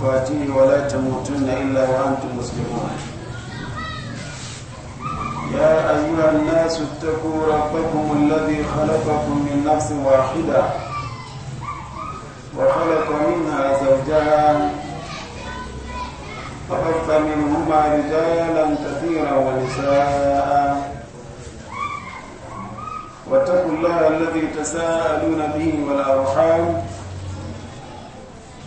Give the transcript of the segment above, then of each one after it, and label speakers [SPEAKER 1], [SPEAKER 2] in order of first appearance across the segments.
[SPEAKER 1] تقاته ولا تموتن إلا وأنتم مسلمون يا أيها الناس اتقوا ربكم الذي خلقكم من نفس واحدة وخلق منها زوجها فبث منهما رجالا كثيرا ونساء واتقوا الله الذي تساءلون به والأرحام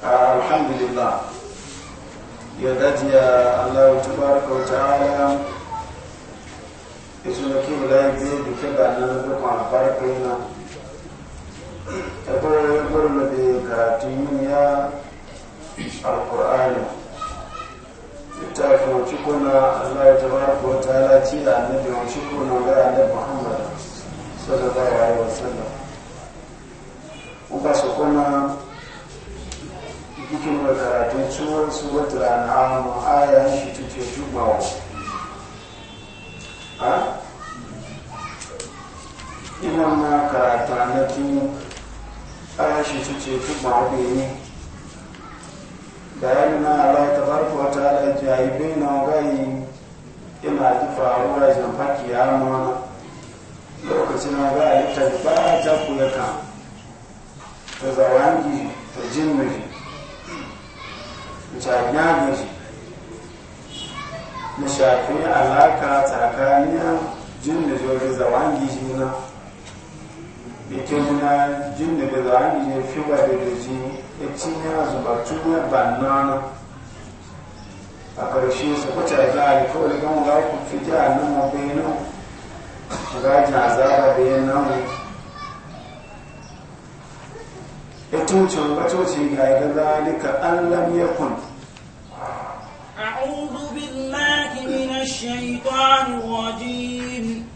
[SPEAKER 1] alhamdulillah ya tabaraka wa ta'ala da ke nan farko yana ya alkur'ani littafin cikuna allah tabaraka wa ta'ala ci da annabi wa cikuna ga annabi muhammad sallallahu alaihi cikin cewar su wata rana mu aya shi ce tubawa ha ina ma karata na tun aya shi tuce tubawa bai ne yana na ta farko wa ala jayi bai na gayi ina ji faruwa zan faki ya mana lokacin na gayi ta ba ta kuyaka ta zawangi ta jin mai jami'a na shafi alaka tsakanin jin da jori zawan gishi na bikin na jin da zawan gishi fi ba da gaji ya a zuba tuba banana a ƙarshe su kuce ga alkawar gan ga ku fiti a nan mabayinan ga jin azaba bayan nan يتوتون بتوتي غير ذلك أن لم يكن
[SPEAKER 2] أعوذ بالله من الشيطان الرجيم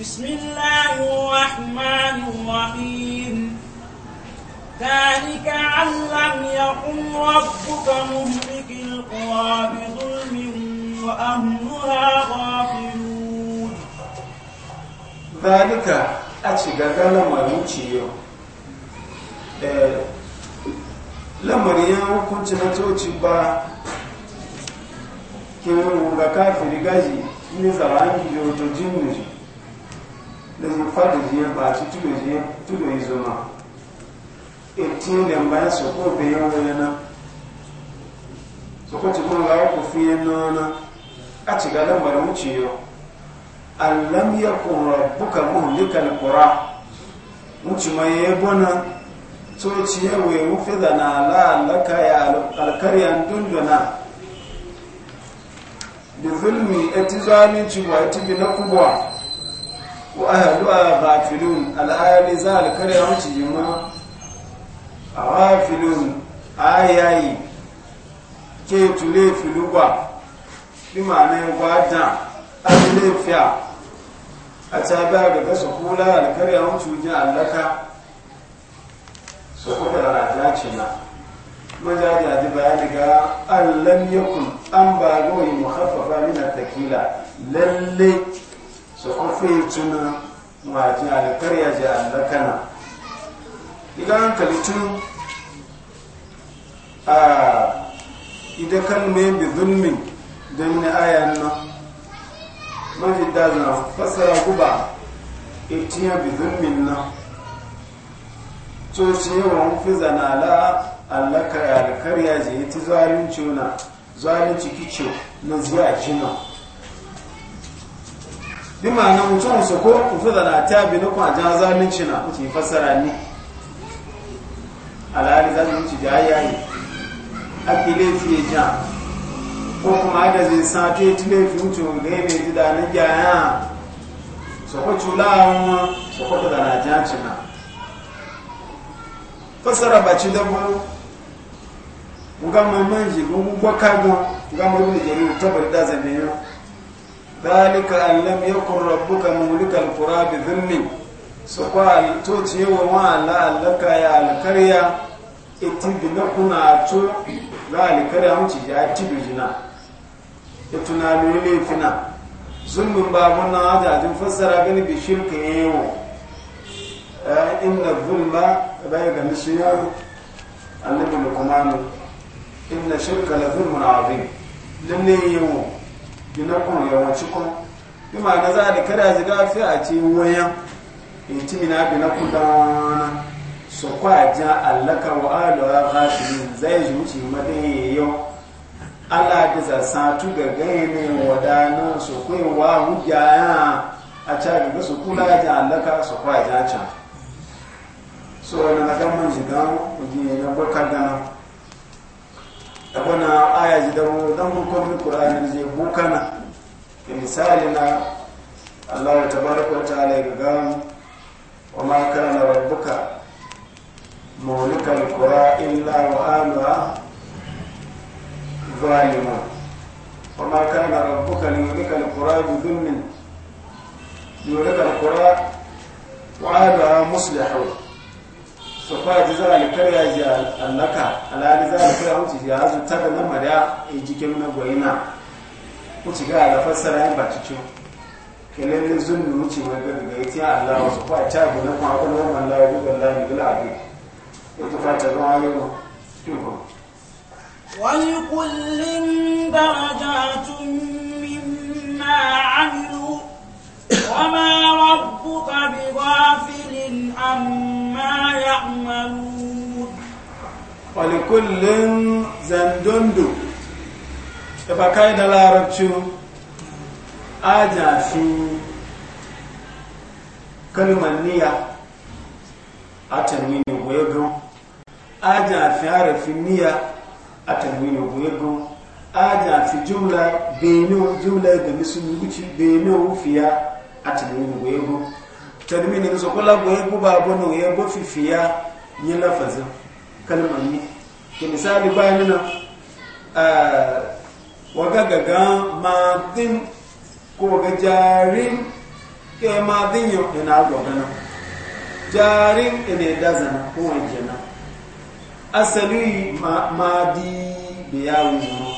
[SPEAKER 2] بسم الله الرحمن الرحيم ذلك أن لم يكن ربك مهلك القرى بظلم وأهلها غافلون
[SPEAKER 1] ذلك أتشغل لما يوتي Eh, lamarin ya hukunci na coci ba ke ga kafiri gaji ne zawani yau to jinnu ji da zai fada jiya ba ci tudo jiya tudo yi zoma etin da bayan su soko bayan wani na su ko ci kuma ga ku fiye nana a ci ga lamarin wuce yau allam yakun rabbuka muhlikal qura mutu mai yabona so ciye we wufida na la'allaka ya alkaryan dunduna da zulmi eti zalunci wa ti bi na kubwa wa a ghafilun al'ayali za alkarya wuce yi ma a ghafilun ayayi ke tule filugwa bi ma'ana ya gwada abin laifiya a ta a da gasa kula alkarya wuce yi allaka so ko da raja ce na majaja ji bayani ga an lam yakun an ba goyi mukhaffafa min takila lalle so ko fi tuna ma ji ji allakana idan kalitun a ida kalme bi zulmin don na ayan nan mafi dazana fasara guba itiya bi zulmin nan so cewa mun fi zana la allaka ya alkarya je zuwarin zalunci na ciki ce na zuwa jina bi ma'ana mutum su ko mun fi zana ta bi na kwaja zalunci na kuke fassara ni alhali zalunci da yayi laifi fiye jan ko kuma da zai sa ta yi tilafi mutum ga yi mai ji na gyaya su ko cula wọn su ko da na jancina fasara ba ci dabo ga mamman ga gugwa gwakago ga mulkin jari tabar da zabe ya dalika an lam yakun rabbuka mulikal qura bi dhimmi so kwa to ce wa ma la alaka ya alkarya bi na kuna to la alkarya mu ci ya tibi jina ituna lule fina zulmin babun na ajajin fasara gani bi yi yawo Eh, inna zulma bai ga mishiyar annabi lukumanu inna shirka la zulmun azim lalle yawo na kun yawanci cikon bi ma ga za da kada ziga fi a ce wayan in ci mina bi na kudana so kwa ja allaka wa alawa ghashirin zai zuci yi yau Allah da za sa tu ga gai ne wadana so kai wa hujja a ta ga su kula ja allaka so kwa ja can so na ga man jiga uji ya bakar gana abana aya ji da dan mun ko mi qur'ani je bukana misali na Allah tabaraka wa ta'ala ya ga wa ma kana rabbuka mawlikal qura illa wa ala zalima wa ma kana rabbuka liyulikal qura bi dhulmin yulikal qura wa ala muslihu so kwa ji zara kare ya ji allaka alali zara kare wuce ya azu da da lamar ya jike na goyina wuce ga da fassara ya baci ciwo kelele zunnu wuce wa ga daga yati Allah so ta bu na wani kullu man la yuzu Allah bil abi ita fata ruwa yau to
[SPEAKER 2] ولكل درجات مما عملوا وما ربك بغافل عما بما يعملون
[SPEAKER 1] ولكل زندندو تفكاي دا لاربچو aja fi kalmar niyya a tanwini goyagun aja fi harafin niyya a tanwini goyagun aja fi jumla benin jumla tadmini so kula go yebu ba go no yebu fifiya ni lafazin kalmar ni ke misali ni na waga gaga madin ko ga jarin ke madin yo ina go gana jarin ina dazana ko wajena asali ma madi biyawi zuma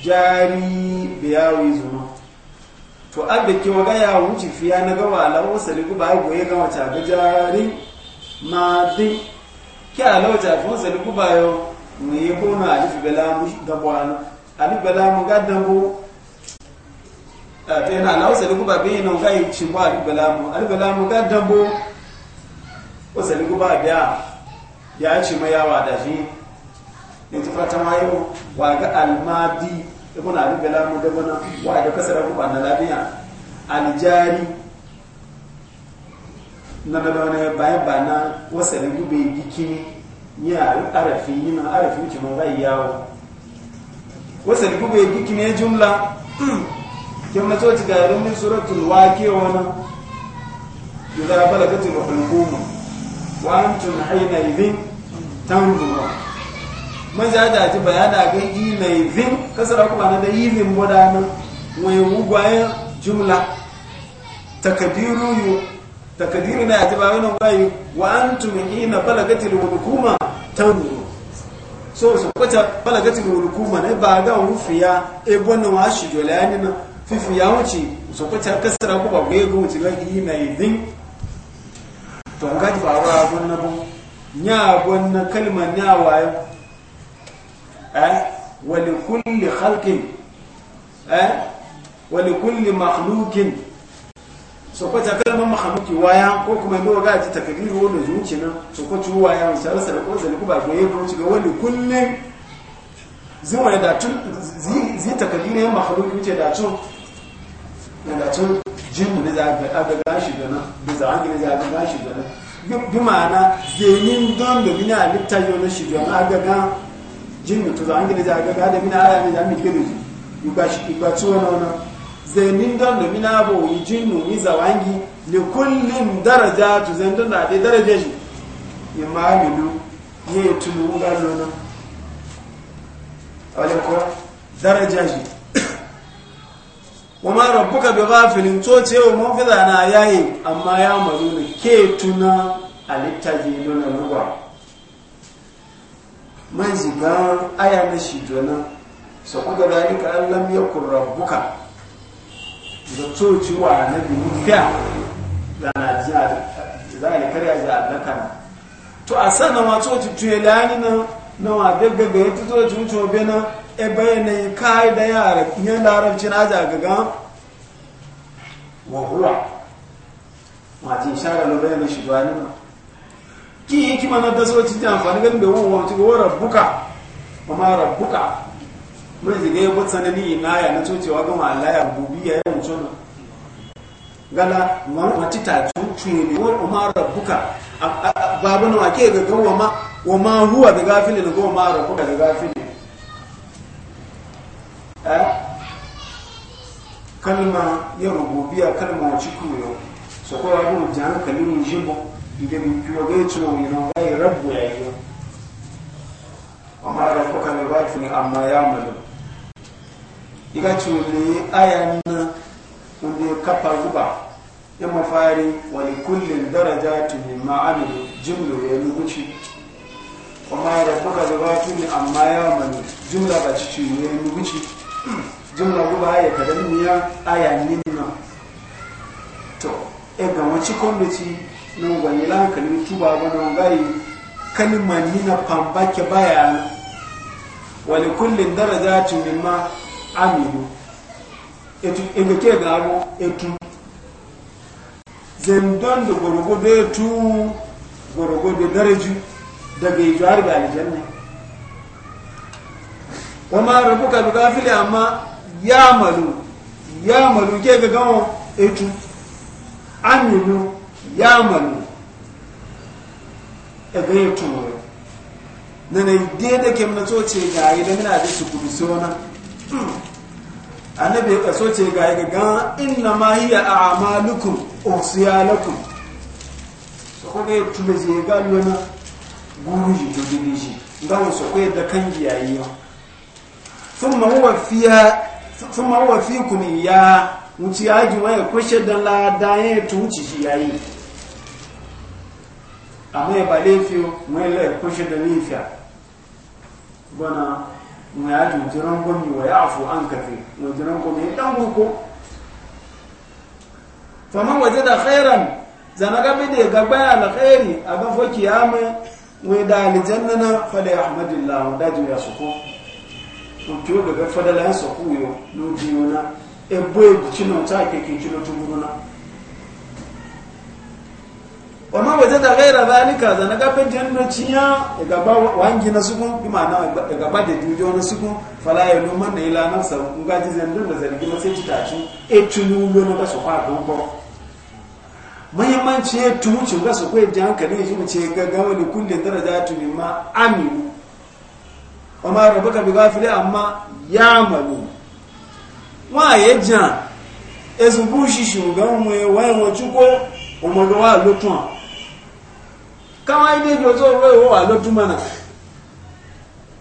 [SPEAKER 1] jari biyawi zuma to abda ke waga ya wuce fiya na gawa lawo saliku ba goye ga wata ga jari ma bi ki alawo ta fon saliku ba yo mu yi ko na alif bala mu ga bwana alif bala mu ga dambo a te na lawo saliku ba bi na ga yi ci ba alif bala mu alif bala mu ga dambo ko saliku ba biya ya ci ma yawa da shi ne ta fata mayo wa ga almadi ibn abi bala mu da bana wa da kasara ku ban labiya aljari na na bana bayan bana wasa da gube gikini ya arafi yana arafi wuce mun rai yawo wasa da gube gikini ya jumla jumla to ci garin min suratul waqi wa na idza balagatil hulqum wa antum hayna idhin tanzurun man ja da ji bayana ga yi mai vin kasar kuma na da yi vin boda nan wai wugwayen jumla takadiru yu takadiru na ji bayana gwayi wa antum ina balagati lulukuma tanuru so so kwata balagati lulukuma ne ba ga rufiya e bonna wa shi jolani na fifi ya wuce so kwata kasar kuma ga ga wuce ga yi mai vin to ga ji faruwa gonna bon nya gonna kalmar nya wayo ولكل خلق ولكل مخلوق sokoci kalmar mahamuki waya ko kuma yi waga ji takagiri wanda zuci nan sokoci waya wace alasa da kuma zaliku ko zai takagiri ya mahamuki wuce datun na datun jinmu da za a gaga da nan da za a gina za shi da nan bi ma'ana zai yin don da gina na shi da na gaga jinnu to za angele za ga da mina aya ne mi kedu yu ga shi yuba tuwa na wana zai min don da mina bo yi jinnu yi za wangi kullin daraja to zai don da dai daraja shi. ya ma amilu ye mu ga lona wani ko daraja shi. wa ma rabbuka bi ghafilin to ce wa mun fi zana yayi amma ya maru ne ke tuna alittaji lona ruwa man ziga aya na shi jona so kuka da yi ka Allah ya kurrabuka da to wa na bi mutiya da na ji da za ni kare ji Allah na to a sana ma to ci tuye dani na na wa daga ga yato to ci mutu be na e bayyana kai da yara yan larabci na ja ga ga wa huwa ma ji shara lo bayyana shi jona ki yi kima na daso ci ta amfani ganin da wani wani cikin wara buka kuma buka. mun zige ya bata sanani ina ya na cocewa ga ma'ala ya bubi ya yi mutum gala mati ta cucu ne wani kuma buka. babu na wake ga gawa ma wa ma huwa da gafili da gawa ma buka da gafili eh? kalma ya rububiya kalma cikin yau so kowa yau jan kalin jimbo ide mi yoge tsuno yino bai rabu ya yi amma da kuka mai ba amma ya malu iga tsule ayan na kunde kafa ruba ya mafari wa li kullin darajatu mimma amilu jumlu ya nuguci amma da kuka mai ba amma ya malu jumla ba ci ya nuguci jumla ruba ya kadamiya ayan ninna to e ga wacce kwamnati nan gwani la hankalin tuba ba nan gai kalma ni na pamba ke baya wa li kullin darajatin mimma amilu etu ebe ke garo etu zendon da gwargwado etu gwargwado daraju daga ijo har ga aljanna wama rabuka bi fili amma ya malu ya malu ke ga gawo etu amilu ya malu a gaya tumoro na na ide da ke mna ce ga yi da mina da su kudu sona annabi kaso ce ga yi ga gan inna ma yi a amalukun osiyalakum su kuka yi tuba je ga lona guru ji jodini ji ga wasu kuwa da kan yayi yau sun ma fiya sun ma fi kuma ya wuce ya ji waya kwashe da ladayen ya tuci shi yayi amma ya ba laifi mai lai kushe da nifiya bana mu ya jujiran gomi wa ya afu an kafe mu jiran gomi dan gugu faman waje da khairan zana ga bide ga baya khairi a ga foki ya mai wai da aljanna na fada ya ahmadillah da ju ya suko mu tiyo daga fada la ya suko yo no jiyo na ebo e bicino ta ke ke kilo tumuruna wa ma waje da gaira zalika da na gaban jannu ciya ya gaba wangi na sukun bi ma'ana ya gaba da dujo na sukun fala ya luman na ila nan sa kun gaji zandun da zargi ma sai ci taci e tunu lo na su kwa don ko muhimmanci ya tunu ci ga su ko ya hankali shi mu ce gaggawa da kullun darajatu mimma aminu wa ma rabbuka bi ghafili amma ya malu wa ya jan ezubu shi shugaban mu ya wayan wacuko umarwa lotun kama ide bi ozo we wa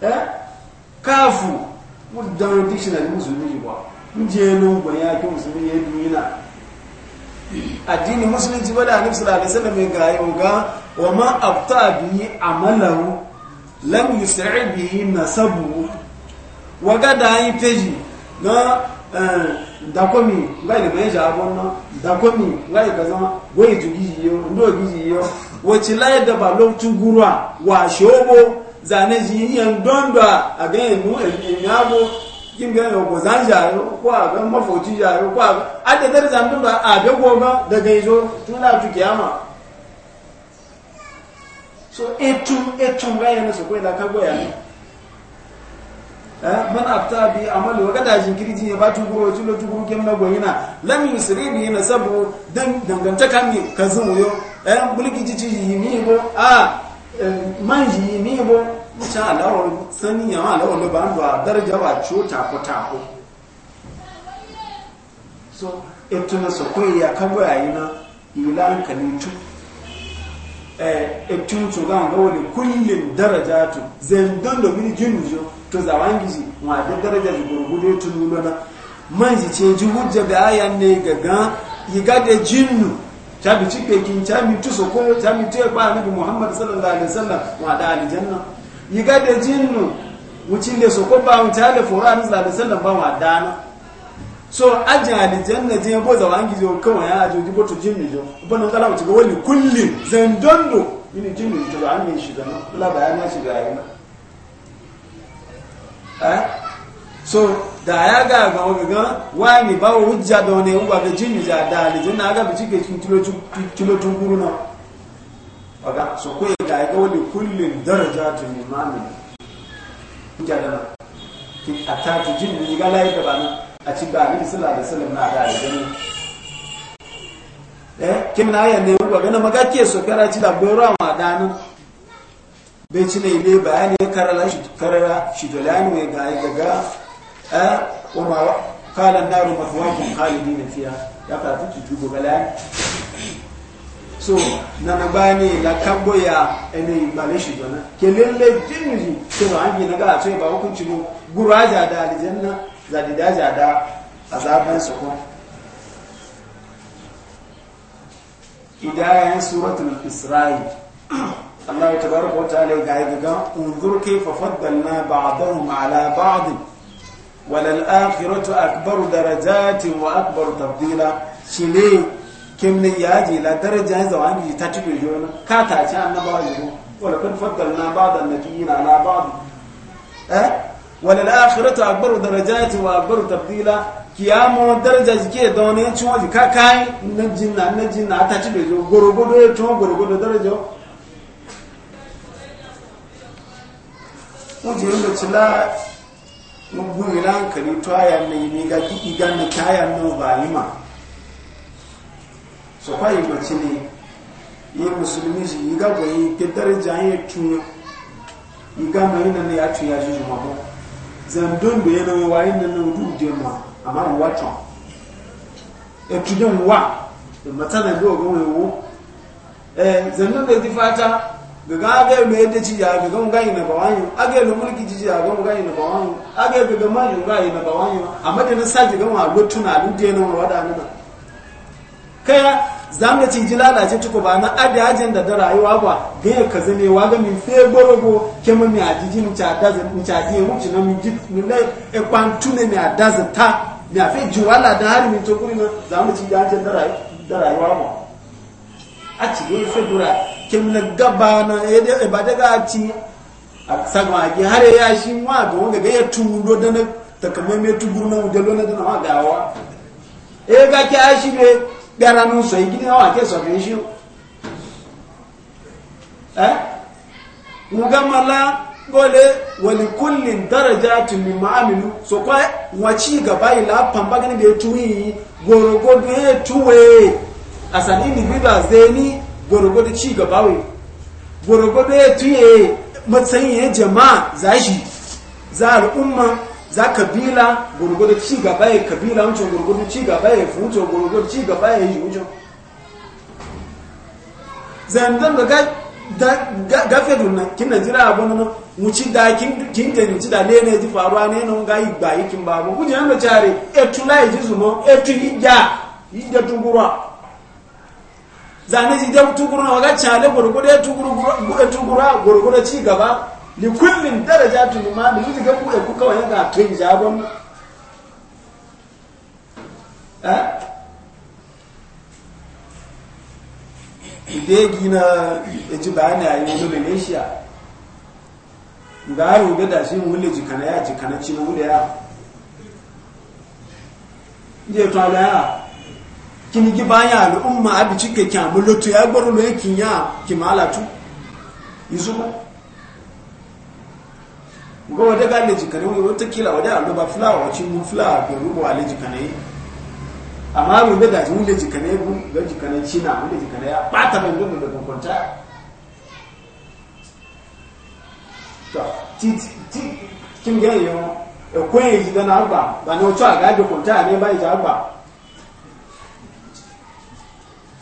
[SPEAKER 1] eh kafu musulmi nje ya addini wala sallallahu alaihi ga wa ma abta bi amalahu lam bihi nasabu wa gada teji na dakomi ngai le meja abonna dakomi ngai kazama goyi wace laye da ba lokacin gurwa wa shobo zane ji yan dondo a ga yin yago kin ga yau ko zan jaro ko a ga mafoci jaro ko a da dar zan dondo a ga goma daga yazo tuna tu kiyama so etu etu ga yana so ko da ka goya eh, man afta bi amalu waga da jinkirji ya ba tuguro tulo tuguro kem na goyina lam yusri bi nasabu dan dangantaka mi kazumuyo eh bulki titi yi mi bo a ah, eh, man yi mi bo cha alawo sani ya alawo lo ban a daraja ba chota taako taako. so eto na so ko ya ka ya yi na an kani ilan kanitu eh eto to ga ngo le kullin darajatu zan don do mini jinujo to zawangiji wa da daraja gurgude tunulona man ji ce ji hujja da ayan ne gaga yiga da jinnu tabi cike kin tabi tu so ko tabi tu ba annabi muhammad sallallahu alaihi wasallam wa da aljanna yiga da jinnu wucin da so ko ba mu tale fura ni sallallahu alaihi wasallam ba wa dana so ajin aljanna je bo za wangi jo kawai ya ajoji bo to jinni jo bo nan kala wuce ga wani kullin zandondo ni jinni to an ne shi da na la bayani shi ga yana eh so da ya ga ga wani ba hujja da wani uba ga jini ja da ne jin na ga bicike kilo tun kuru na waga so ko ga ga wani daraja ta imani hujja da ki ta jini ni ga lai da ba ni a ci ba ni sallallahu alaihi wasallam na da ne eh kin na ya ne uba ga na maga ke so kara ci da gora ma da ni bai ci ne ile bayani karara shi karara shi dolani mai ga gaga وما قال النار مثواكم خالدين فيها ya karatu cutu gobe laya so nana bani la kambo ya ene ibale shi jona kelele jinji so na angi na ga so ba ku ci mu guraja da aljanna za di daja da azaban su ko hidayan suratul isra'i Allah tabaraka wa ta'ala ga ga unzur kayfa faddalna ba'dahum ala ba'd walal'akhiratu akbaru darajatin wa akbaru tabdila shi ne kimnin yaji la daraja ya zama ne ta tuɓe jona ka ta ci annabawa Ko wala kun faddal na ba da nabiyina na ba eh walal'akhiratu akbaru darajatin wa akbaru tabdila kiyamo daraja jike da wani yancin waje ka kai na jinna na jinna ta tuɓe jo gorogodo ya tuwa gorogodo daraja wajen yadda ci la mugun ilan kali to na ne ni ga ki ga na kaya no ba yima so kai mace ne yi musulmi shi yi ga goyi ke daraja yi tuna yi ga mai nan ne ya tu ya juju mabo zandon da yana wa yin nan du de ma amma mu wato e tu de wa e mata na do go wo eh zandon da di fata gaga ga lo yadda ci ya gaga mun na bawanyo aga lo mulki ci ya gaga mun na bawanyo aga gaga ma yo gayi na bawanyo amma da na saji ga wa lotuna lu de na wada na lalace tuko ba na adi ajin da da rayuwa ba ga ya kaza ne wa ga min fe gorogo ke mun ya ji mun ta da mun ta ji na mun ji e ne ada ta ne a fe juwala da min to kuri na zamu ci da ajin da rayuwa ba a ci ga fe kim na gaba na e ba daga ci a ki har ya shi ma ga wanda ga ya tundo da na takamai mai tuguru na mujallo na dana ma gawa e ga ki a shi mai gara nun sai gidi na e ke so bin e shi eh mu ga mala gole wali kullin darajatun min ma'amilu so kwa ci gaba ila pamba gani be tuwi gorogodo e tuwe as bi individual zeni gwargwado ci gaba wai gwargwado ya tuye matsayin ya jama'a za shi za al'umma za kabila gwargwado ci gaba ya kabila wucin gwargwado ci gaba ya fi gwargwado ci gaba ya yi wucin zandan da gafe dunna kin na jira abu nan wuci da kin kin ta wuci da le ne ji faruwa ne nan ga igba kin babu kuje an da tare e tula yi zumo e tu yi da tungura zane zi dan tukuru na ga chale gurgudu ya tukuru tukura gurgudu ci gaba li kullin darajatun ma da yuji ga ku ku ga tun eh ide gina bayani a Indonesia ga da shi le jikana ya jikana ci ya je ya kini gi baya al'umma abi cike kya mu lutu ya gbaru lo yakin ya ki malatu yuzuba go wada ga leji kare wo wata kila wada allo ba fulawa wacin mu fulawa be rubo aleji kana yi amma mu be da mu leji kana yi mu leji kana china mu leji kana ya bata ban do da kokonta to ti ti kim ga yo ko yi da na ba ba no to aga do konta ne ba yi ita ba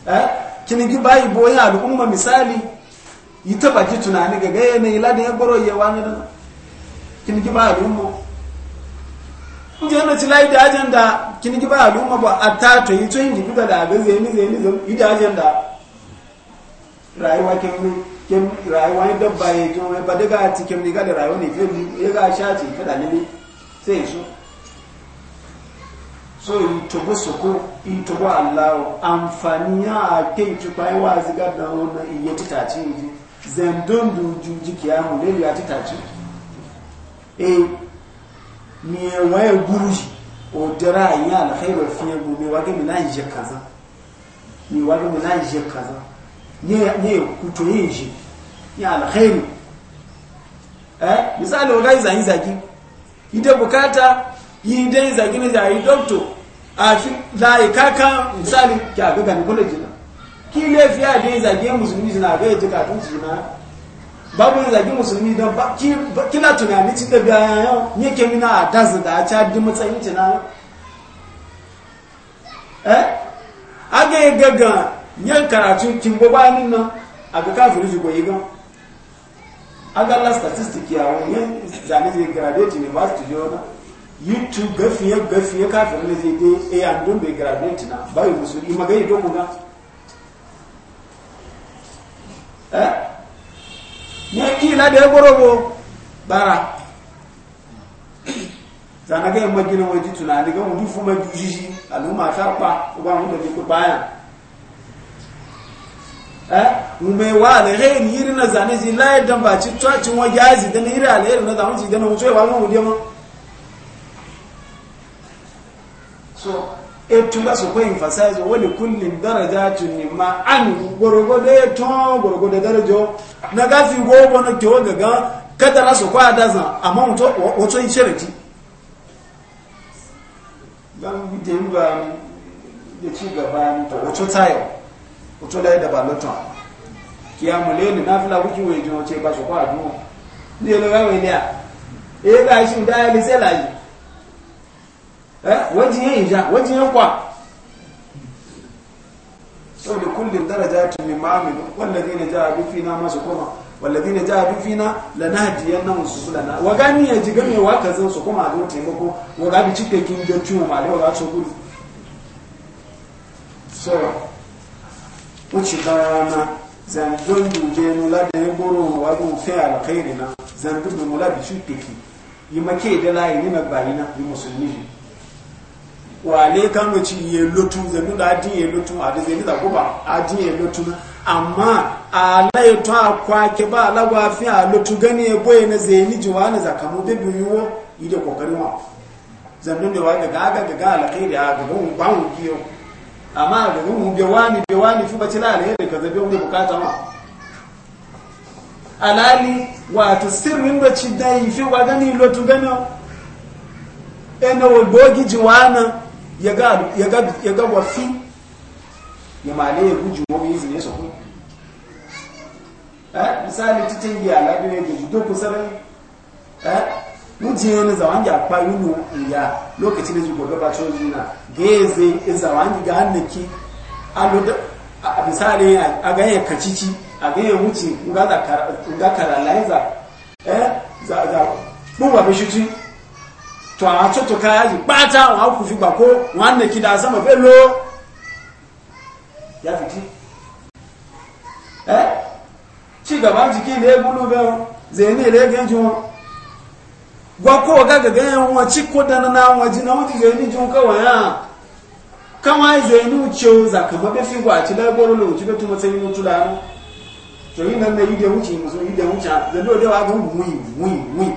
[SPEAKER 1] eh kini gi bayi boye al'umma misali yi taba ji tunani ga gaya eh, ne ila da ya goro ya wani da kini gi bayi al'umma kuke yana ci layi da ajanda kini gi bayi al'umma ba a tato yi tsoyin gibi da abin zai ni zai ni zai yi da ajanda rayuwa kemgbe kem rayuwa ya dabba ya jo ba daga cikin riga da rayuwa ne fiye ya ga shaci fada ne sai ya so so intogo soko intogo allahu amfani ya ake itukpa iwa aziga iya ona iye titaci iji zendundu juji kiamu lelu ya titaci e mi ewa eguruji odera anyi alkhairu fiye bu mi wage mi na ije kaza mi wage mi na ije kaza nye kuto ye ije nye alkhairu eh misali oga izanyi zagi ide bukata yi dai zagina da yi doctor a fi zai kaka misali ki aga gani kula jina ki lafiya dai zage musulmi jina ga yaji katun jina babu zage musulmi don ba ki kina tunani ci da bayan yau ni ke mina a dazu da eh? a ci haddi matsayin jina eh aga yi gaga yan karatu kin bo bayanin nan aga kafiri ji goyi gan aga la statistic ya wani zane je graduate university jona yitu gafiye gafiye kafin na zai dai eh an don bai graduate na bai musulmi magai don mu ga eh ne kila da gorobo bara zana ga yamma gina waje tunani ga mu fuma jujiji al'umma tarpa uba mu da ni ku baya eh mu mai wa alheri yiri na zane zilai dan ba ci tuwa cin wajazi dan yiri alheri na zamu ci dan mu so ya ba mu diamond so etunga so kwa emphasize wali kulli darajatu mimma an gorogodo eton gorogodo darajo na gafi gogo na ke waga ga kada na so kwa daza amma wato wato in dan ba ci gaba ni to wato tayo wato da na fila wuki wejo ce ba so kwa ga a e ga shi da ya yi wajiyan eh, wajen wajiyan kwa sau da kullum daraja tun min ma'amilu wallazi na ja'a bi fina masu koma wallazi na ja'a bi fina la nahdiyan nan su sulana wa gani ya ji game wa Ka kazan su koma don taimako wa ga bi cike kin da tuma male wa ga so gudu so wuce dana zandun duje no la da yoro wa go fe alkhairina zandun mu la bi cike ki yi make da layi ni na bayina yi musulmi wale kan wuce ya lutu zami da adin ya lutu a da zami da guba adin ya lutu na amma a layi ta kwake ba alagwa fi a lutu gani ya boye na zai jiwa na zakamu da biyuwo yi da kokarin wa zannin da wa daga aga daga alkhairi a gaban mu ba mu biyo amma a gaban mu biyo ni biyo wani fi bacin alkhairi ka zabe mu bukata ma alali wato sirrin bacin da yi fi wa gani lutu gani ɗan na wagbogi jiwa ya ga wasu ya male ya guji wa eh, yi ne su misali titin ya labi ne da judo kusa rai mujiye eh, ne zawangi kwayo ne ya lokacin da zuwa gaba coji na geze in zawangi ga hannaki a misali a ga kacici a ga wuce ga karalaiza eh za za to àwọn tó tó káyá yìí pátá wọn kò fi gbà wọn á nìkí dáa sọmọ fẹ lóó yá fìdí ẹ tí gàbá ti kí ilé egúlú bẹ wọn ní ilé gẹ́jú wọn gbọ́ ọ̀gá gẹ̀gẹ́ yẹn wọn tí kó dáná náà wọn jí náà wọn ti zèyí ní ju kọwọ̀ yẹn káwọn zèyí ní uche oza kàmọ́ bẹ́ fi gbà àti lẹ́gbọ́rún lòun tí bẹ́ tó mọ́ sẹ́yìn lójú láàrú torí náà yìí dẹ̀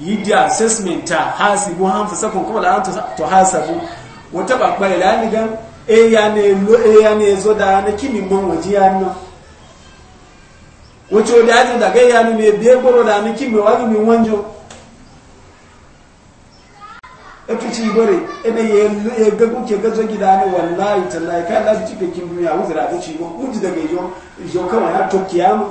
[SPEAKER 1] yi da assessment ta hasibu hamsa sakon kuma da to hasabu wata bakpa ila ni gan e ya ne lo e ya ne zo da na kimi mon waji ya no wato da ajin da gai ya ni me biye goro da na kimi wani mi wanjo e tuci gore e ne ye ye ga ku ke gazo gida ne wallahi tallahi kai da ci ke kimi ya wuzura da ci go uji daga yo yo kawai ya to kiyamu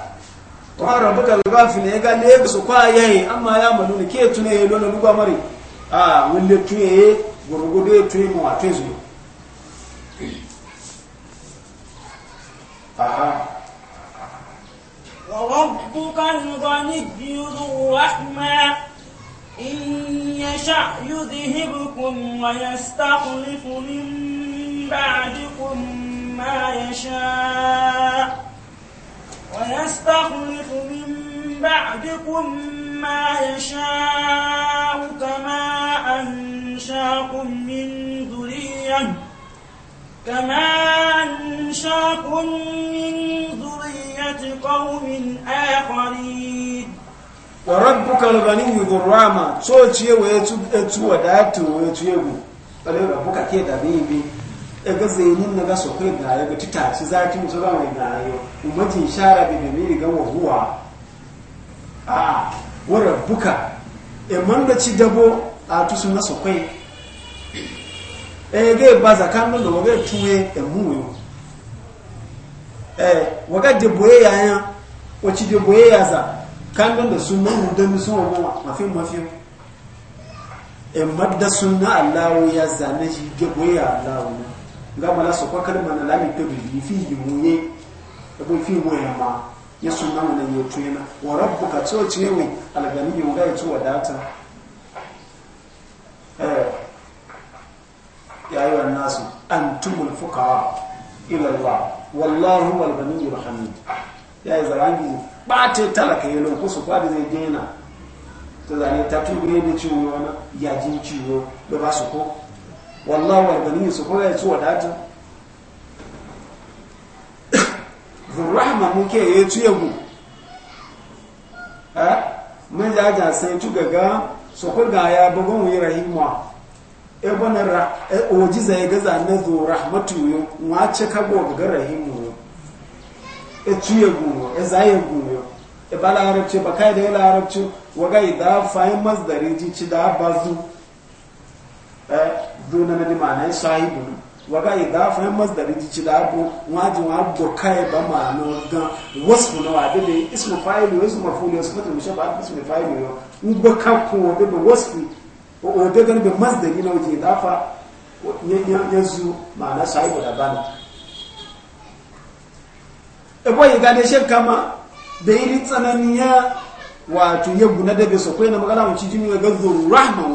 [SPEAKER 1] wa rabbuka al-ghafil ya ga le su kwa yayi amma ya malu ne ke tune yelo na lugwa mari ah wille tuye gurugudu ya tuye mu atezu aha
[SPEAKER 2] وربك الغني ذو الرحمة إن يشأ يذهبكم ويستخلف من بعدكم ما يشاء ويستخلف من بعدكم ما يشاء كما أنشاكم من ذرية كما أنشاكم من ذرية قوم آخرين
[SPEAKER 1] وربك الغني ذو الرحمة سوى تشيه ويتو وداتو ويتو يبو ربك كيدا بيبي egaze munna gaso kwegaayo bwe titakizaki nsoba mwegaayo omweti nsharabi bemiri gawohuwa aa ah, worabbuka emanda kidabo atusunga ah, sokwe ege eh, ebaza kandondo waga etuwe emuyo eh, wagajje bweyaya okijje bweyaza kandondo suma mudemi sowoma mafyo mafyo emadda sunna allahu yaza nekijje bweya allahu na gama la sokwa kalma na lami to bi fi yimuye abu e fi mu ya ma ya sunna mu ne yotuna wa rabbuka to cewe algani yu ga to wadata eh ya ayyuhan nasu antumul fuqara ila Allah wallahu wal ganiyul hamid ya yi zarangi ba ta talaka yi ko su kwadi zai daina ta zane ta tugure da ciwo wani yajin ciwo da ba su ko wallahu wa gani su ko ya ci wadata zurrahma muke ya ci yago a mun ja sai tu gaga su ko ya bugun wuyi rahimwa e bonan ra e oji zai gaza na zurrahma tuyo yo wa ce ka go ga rahimu e ci yago e za yago e bala arabci ba kai da larabci waga idan fa'in masdari ji ci da bazu Eh, duna ya dimana sahibu waga idafa yan masdari ji ci dabu wajin wa dokai ba ma no gan wasu na wa bebe ismu fa'ili wasu mafuli wasu mutum shi ba ismu fa'ili yo in ba ka ko bebe wasu o be gan ba masdari na waje idafa yanzu ma'ana sahibu da bana e boy ga ne kama da iri tsananiya wato ya na daga sakwai na magana mu ci jimi ga zuru rahma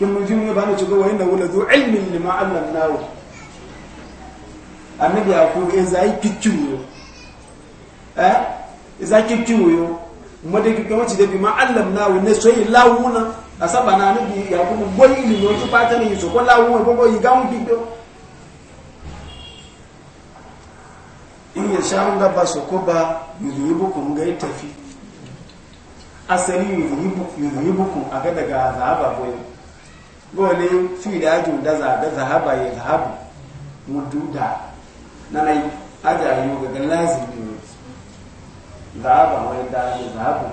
[SPEAKER 1] kin mun ji mun ba ci cewa wayna wala zu ilmin lima allamnahu annabi ya ku in eh, zai kicci wuyo eh zai kicci wuyo mu da kike wace da bi ma allamnahu ne so yi lawuna asaba na annabi ya ku boyi ni yo ci pata ni so ko lawu ko ko yi ga mu kiddo in ya sha mun ba so ko ba yuzubu kun ga tafi asali yuzubu yuzubu kun aga daga azaba boyi gole fi da ajo da za da zahaba ya zahabu mududa na nai aja yi ga ga lazimi zahaba wani da ajo zahabu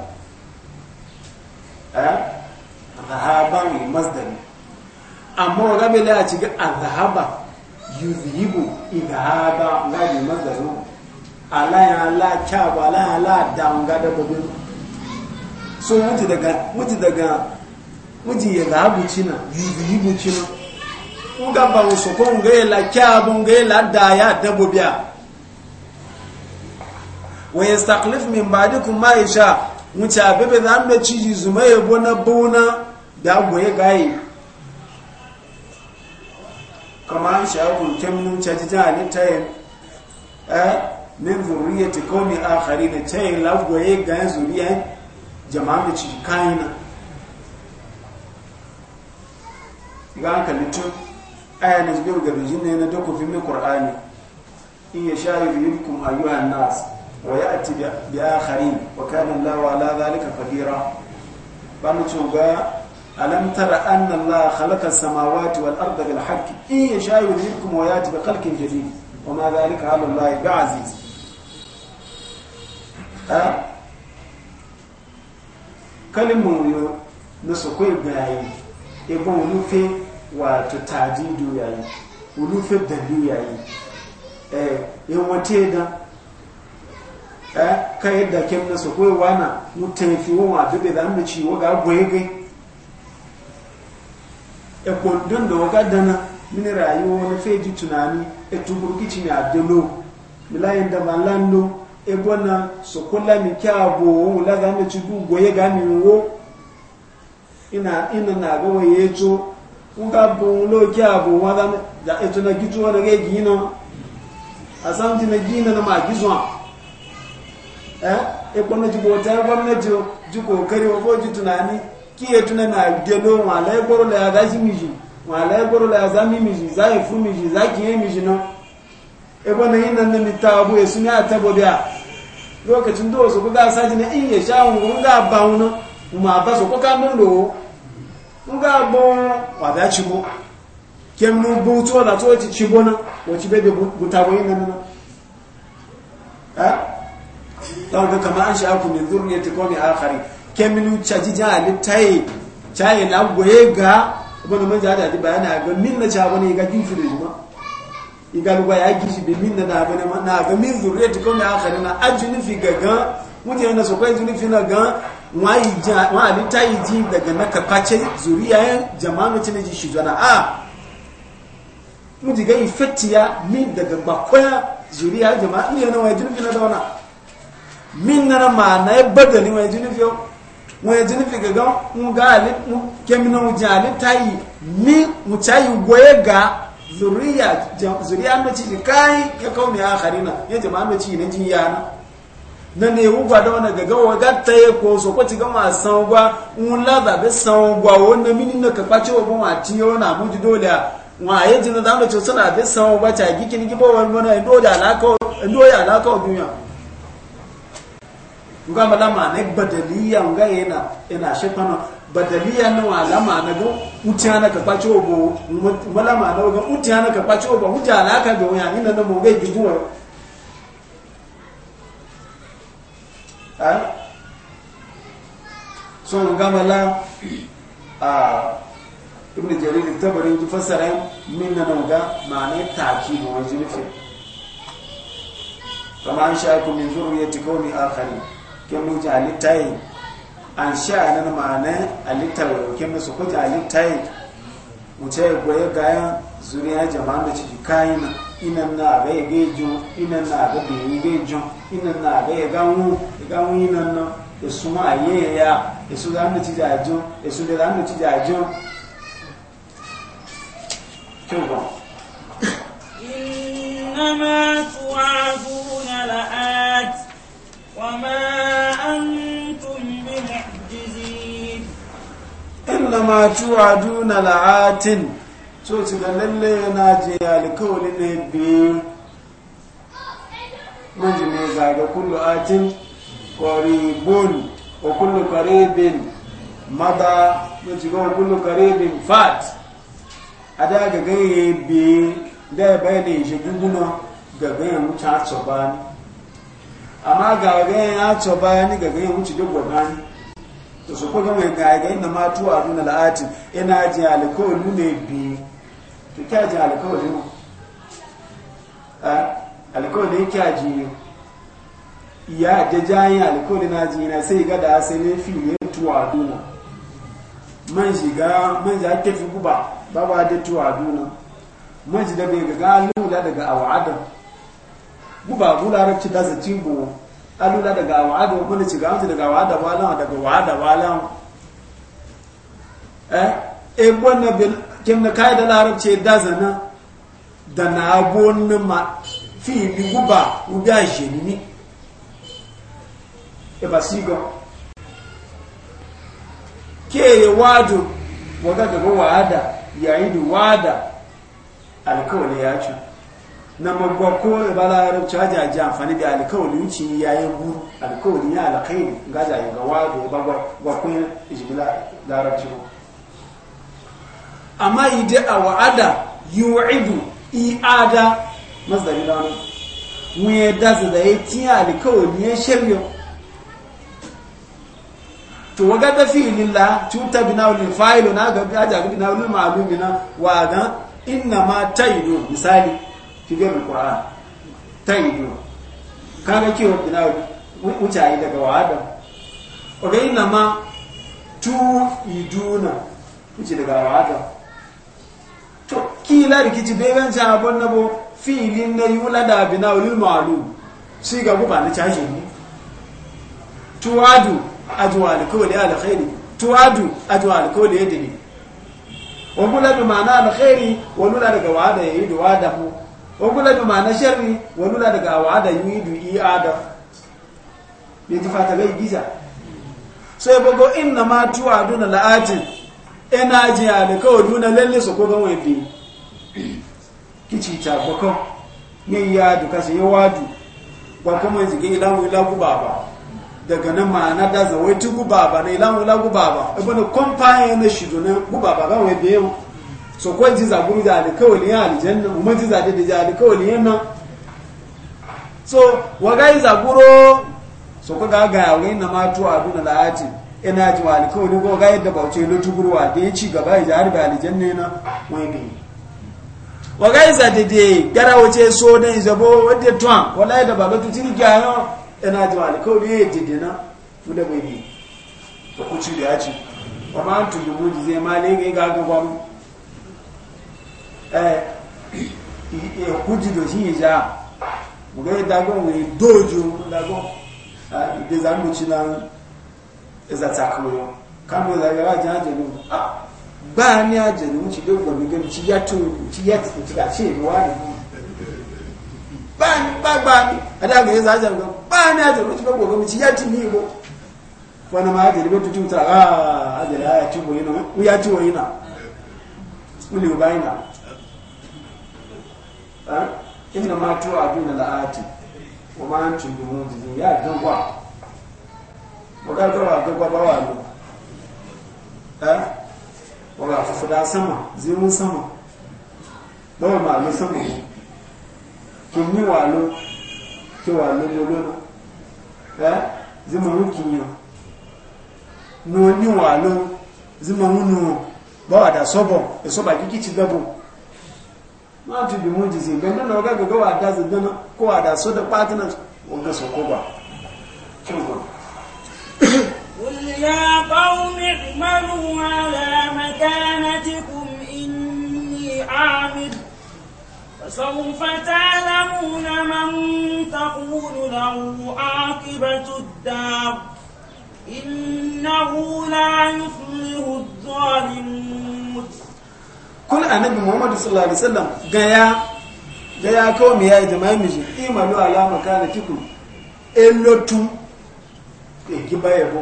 [SPEAKER 1] eh zahaba mai masdari amma wa gabe la ci ga a yuzhibu idhaba ga mai masdari ala ya la cha ba ala la da ga da bugu so mutu daga mutu daga muji ya ga bucina yuzu yi bucina mun ga ba so ko mun ga ya la kya bun ga la da ya dabo biya wa yastaqlif min ba'dikum ma yasha muci abebe zan da ciji zuma ya bona bona da goye gayi kama an sha'ul kemnu caji ta ni tayin eh min zuriyati qawmi akharin tayin lafgoye gayan zuriyan jama'a ci kaina ga an kalli tun aya na zubiru ga bijin ne na dako fi mai qur'ani in ya sha yi biyu kuma yukum ayyuhan nas wa ya ati bi a akharin wa kanin lawa la zalika fadira ba qadira ban tuga alam tara anna allah khalaqa samawati wal arda bil haƙƙi in ya sha yi biyu kuma wa ya'ti bi kalkin jadid wa ma zalika ala allah bi aziz kalimun na sokoi bayi ibon lufe wato tadidu yayi ulufe dabi yayi eh yin wace da eh ka yadda kem na so koyi wana mutafi wa wato da zamu ci wa ga goyege e kondon da waga dana mini rayuwa wani feji tunani e tuburkici ne adelo milayin da malando e bona so kula mi kyabo wula zamu ci goye ga wo ina na ga waye jo nga bon lo kya bo wada da eto na gitu wada ge gino asanti na gina na ma gizwa eh e bo ta na ji ji ko kare wo ji tunani ki na na de lo wa la e goro la ga mi ji wa la e goro la mi mi ji za e fu mi ji e mi ji no e na ina na mi ta bo e ata bo dia do so ga asa na in ya sha ga ba ma ba so ko ka nga bon wa da chibo kem nu bu to da to chi chibo na o chi be buta bo ina na ha law da kama an sha'akum min dhurriyyati qawmi akhari kem nu chaji ja na min na fili ma ya gishi bi min na da ne ma na ga min dhurriyyati qawmi akhari na ajuni fi mutu yana so kai fi na gan. wani ta yi ji daga na kakace zuriya yan jama'a ta ji shi zuwa a mu ji gai fatiya min daga bakwaya zuriya jama'a ni yana wani fi na dauna min na na ma'ana bada ni wani jirfi yau wani jirfi ga gan mu ga kemina mu ji ta yi ni mu ta yi goye ga zuriya zuriya mace ji kayi ya kawo kauna ya harina ya jama'anu ji na ji yana na ne wugwa da wani gaga waga ta yi ko so ko ci gama san gwa un la da be san gwa mini na ka kwace wa bon ati yo na mu ji dole wa ye ji na da mu ci sana be san gwa ta gi kin gi bo da la ko ya la ko dunya nga malama ne badaliya nga e na wa lama na go utiya ka na go ka ya ina na mo so gamala a ibn jarir tabari ji fassara min na nauga ma'ana taki da wani nufi kama an sha ku min zurriyati qawmi akharin kin mu ji alitai an sha nan ma'ana alitai kin mu su ku ji alitai mu ce goye gayan zuriya jama'an da ciki kayina inan na ga ege jun inan na ga be jun inan na ga wu ega wu inan na esu ma ye ya esu da mu ti ja jun esu de da mu ti ja jun chuba innama tu'aduna la'at
[SPEAKER 2] wa ma antum
[SPEAKER 1] la'atin so ci ga lalle yana je alkawali ne biyu manji ne zaga kullu atin qaribun wa kullu qaribin mada manji ga kullu qaribin fat ada ga gaye bi da bai ne shi gunguna ga gaye wuce ta tsobani amma ga gaye ya tsobani ga gaye wuce ci duk gobani to su ko ga mai ga gaye na matu aduna la'atin ina je alkawali ne biyu to kya ji alkawarin eh, alkawarin kya ya da jayin alkawarin na ji na sai gada asalin fiye tuwa duna man shiga man ja tafi guba ba ba da tuwa duna man shi bai ga daga guba gula da zaci go alula daga awada wani shiga daga ba daga ba eh e gwanna bil kem na kai da larabci da zana da na abon ma fi ni guba ubi a jenini e ba sigo ke ye wado wada daga wada yayi da wada alkawali ya ci na magwa ko ya ba larabci haja ji amfani da alkawali wuce yayi guru alkawali ya alkhairi ga jaye ga wado ba gwa ko ijmila larabci amma yi da a wa'ada yi wa'idu i'ada mazari rana mu ya daza da ya tiya da kawai ya shirya to waga da fi'ililla tuta bina wani fa'ilu na ga aja ga bina wani ma'alumi na wa ga inna ma taidu misali figar qur'an taidu kaga kiwo bina wuce ayi daga wa'ada waga inna ma tu iduna wuce daga wa'ada to kila rikici bai ban ci abon na bo filin na yi wula da abin wulil ma'alu shi ga guba na cashe ne tuwadu ajuwa alkawali alkhairi tuwadu ajuwa alkawali yadda ne wagula bi ma'ana alkhairi walula daga wa'ada ya yi da wa'ada mu wagula bi ma'ana sharri walula daga wa'ada yi yi da i'ada bai ta fata bai giza sai bago inna ma tuwadu na la'atin ina ji alkawari na lalle su ko ga wai bi kici ta bako ne ya duka yi wadu ba kuma jigin "Ilamu ilagu lagu baba daga nan ma na da zawai tu gu baba na ilamu ilagu lagu baba ibn kompanye na shido na gu baba ga wai bi so ko ji za guru da alkawari ya aljanna mu ji za da da alkawari yana so wagai za guro so ko ga ga yawai na matu aduna la'atin ina ji malika wani ko ga yadda bauce lutu gurwa da ya ci gaba ya jari ba aljanna na wai wa ga isa de de gara wace so da izabo wadda twan wallahi da baba tu tiri ga ina ji malika wani ya dide na mu da bai bi to ku da ya ci wa ma tu mu ji zai malika ga ga gwam eh e ku ji do shi ja mu ga yadda gwam dojo da a ah, da zamu ci na za ta kawo kan da a ba ni a ci da gwani gan ci ya to ci ya ci ka ce ruwa ne ba ni ba ba ni ada ga za jan ba ni a ci ba gwani ci ya ti ni go wani ma ga libe tutu ta a a da ya ci boye no u ya ci boye na u le ba ina ha inna ma tu aduna la'ati wa ma antum bi mu'minin ya dan wa bukata wa ga gwaba wa lo eh wala fufu da sama zimun sama dawa ma lo sama kin ni wa lo ki wa lo lo lo eh zimun kin yo no ni wa lo zimun no ba wa da sobo e so ba kiki ti dabo ma tu bi mun jisi gangan na ga ga wa da zidan ko wa da so da patina wanga so ko ba
[SPEAKER 2] يا قوم اعملوا على مكانتكم إني عامل فسوف تعلمون من تقول له عاقبة الدار إنه لا يفلح الظالمون
[SPEAKER 1] كل النبي محمد صلى الله عليه وسلم جاء جاء قوم يا جماعة مجي إعملوا على مكانتكم إلوتو إجيبا يبو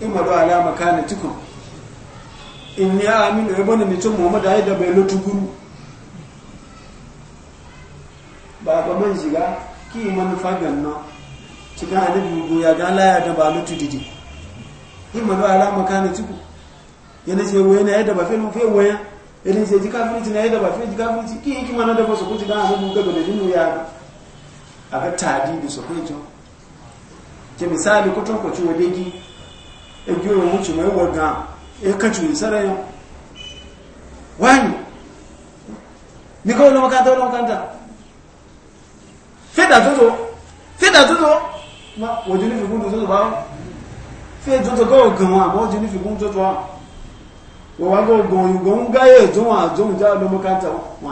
[SPEAKER 1] in ma do ala makana tikum in ya aminu ya e bani mutum muhammad ayi da bai lutu guru ba ba man shiga ki manufa ganna cikin annabi go ya ga laya da ba lutu didi in ma do ala makana tikum yana ce waye na yadda ba fe mu fe waya irin sai ji kafirci na yadda ba fe ji kafirci ki yi kimanin da ba su kuci gana mun gaba da jinu ya a ga tadi da su kuci ke misali kutun kwaci wa degi ebi o mutu mai waga e kacu ni sara yau wani ni kawai na makanta ba wa wa wa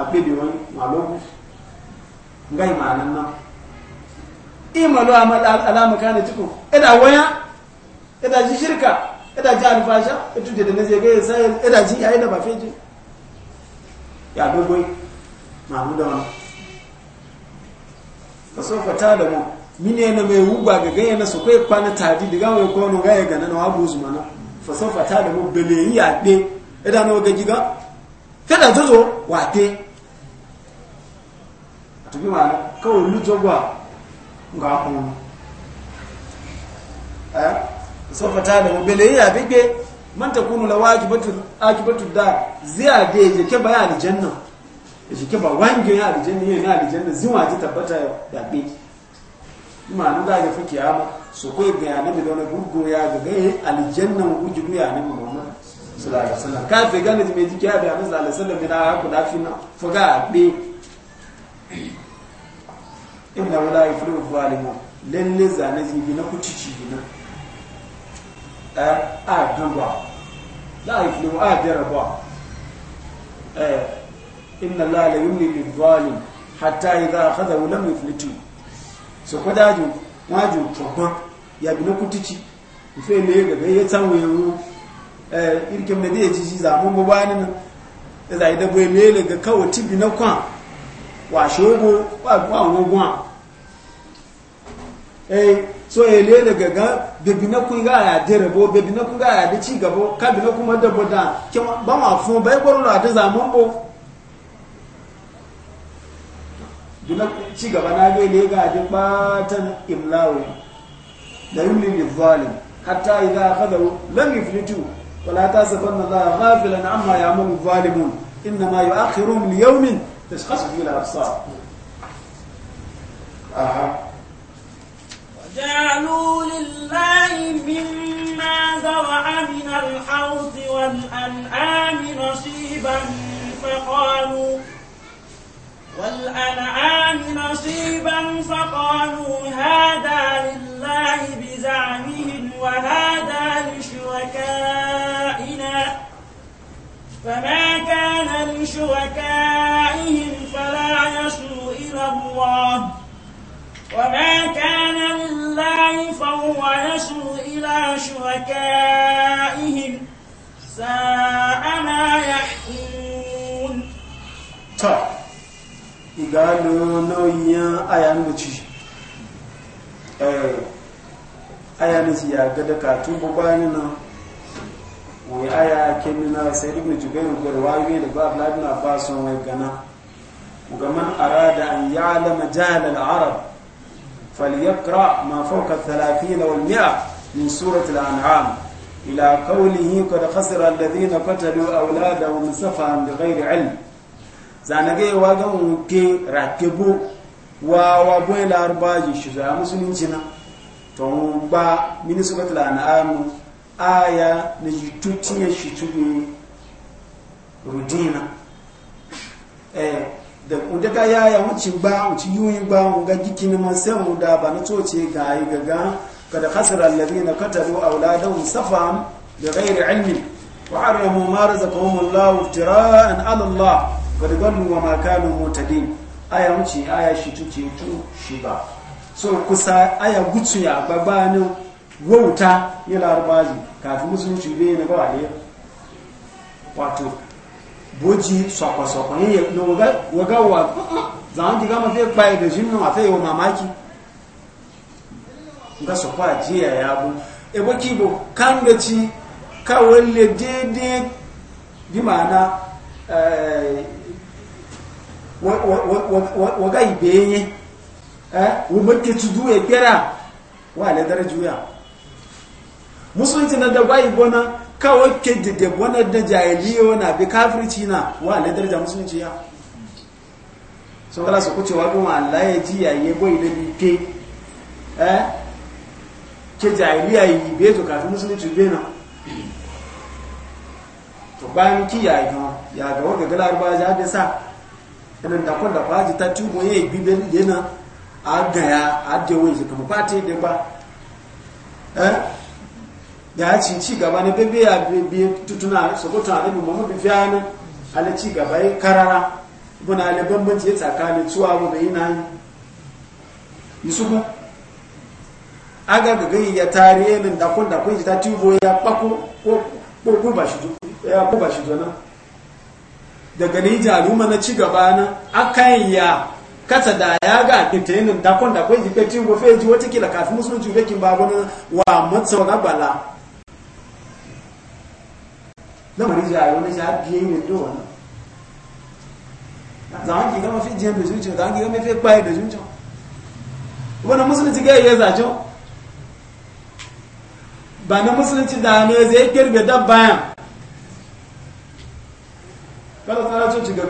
[SPEAKER 1] wa wani ngai ma nan na imalo amala alamaka ne ida waya eda ji shirka eda ji alfasha ita ce da na zai gaya sai eda ji yayi da ba ya dogoi mamu da ma ka fata da mu mine na mai ugba ga gaya na su kai kwana tadi daga wai kono gaya ga nan wabu zumana fa fata da mu bele ya de eda no ga giga kada zozo wa de tubi ma kawai lujogwa ga kuma eh sofa da a ya bige man ta kunu lawajibatu akibatu da ziyade je ke baya aljanna je ke ba wange ya aljanna ya na aljanna zuwa ji tabbata da bi ma nan da ga so ga yana da wani gurgu ya ga ga aljanna gurgu ya mu Muhammad
[SPEAKER 3] sallallahu
[SPEAKER 1] alaihi ka ne me ji sallallahu alaihi wasallam ina ku da zane na kucici na أعدوا لا يفلو أعدربوا إن الله لا يملي للظالم حتى إذا أخذه لم يفلتوا سقد أجو واجو طبا يا بنو كتشي وفين ليه غير يتسوي irkin da zai ci shi zaɓen bubanin da zai da bai mele ga kawai tibi na kwan wa shogo wa gwa gwa eh so ele ne gaga bebi na kun ga ya dere bo bebi na kun ga ya de ci gabo ka bi na kuma da bo ke ba ma fun ba yi na da zaman bo duna ci gaba na ga ele ga de batan imlawi da yulil lizalim hatta idha akhadahu lam yuflitu wala tasafanna la ghafilan amma ya'malu zalimun ma yu'akhiruhum li yawmin tashkhasu fihi al-absar aha
[SPEAKER 2] جعلوا لله مما ذرع من الحوض والأنعام نصيبا فقالوا والأنعام نصيبا فقالوا هذا لله بزعمهم وهذا لشركائنا فما كان لشركائهم فلا يصل إلى الله وما كان لله فهو يسر إلى شركائهم ساء ما يحكمون
[SPEAKER 1] تا igalo nauyin ayan mace eh, ayan ya ga da katun wai aya sai ibn jubair da ba ladin wai gana gaman arada an ya'lama al-arab فليقرأ ما فوق الثلاثين والمئة من سورة الأنعام إلى قوله قد خسر الذين قتلوا أولادهم سفها بغير علم zanage wa ga muke rakebu wa wa boye larbaji shi za musulunci na to ba minisubat lana'am aya na jitutinye shi tugu rudina da kuda ka yaya wucin ba wucin yuyin ba mun ga gikin man sai mun da ba na toce ga yi gaga kada khasara alladhina qatalu awladahum safan bighairi ilmi wa haramu ma razaqahum Allah an ala Allah da gallu wa ma kanu mutadin aya wuce aya shi tuke tu shi ba so kusa aya gutu ya gbagbanu wauta ya larbaji kafin musulunci bai na ba wato boji sokwa sokwa yin ya no waga waga wa za an diga ma fe pa e de jin mamaki nga sokwa ji ya ya bu e bo ki bo kan de ci ka welle de de bi mana wa wa wa waga ibenye wo makke tu e pera wa le darajuya musulunci na da gwa ibona kawai ke dede wani da jahiliya wana bi kafirci na wa ne daraja musulunci ya so kala su kuce wa kuma Allah ya ji ya goyi na da bike eh ke jahiliya yi be to kafin musulunci be na to bayan ki ya yi ya ga wanda galar ba ya da sa nan da kwan da faji ta tubo yi bibe na a gaya a dewa wai kuma fate da ba eh ya ci ci gaba ne bebe ya bebe tutuna sokotuna da bi mamu bifiya ne ala ci gaba ya karara buna da bambanci ya tsakanin tuwa bu bai na yi su ku aga gaga ya tariye min da kun ji ta tubo ya bako ko ko ku ba shi ya ku ba shi jona daga ni jaluma na ci gaba na akan ya kasa da ya ga kitayin da kun da kun ji ka tubo feji wata kila kafin musulunci yake babu na wa matsa na bala lamari jayo na ja biye ne do wannan da zuciya zan girbe ga mafi Kala da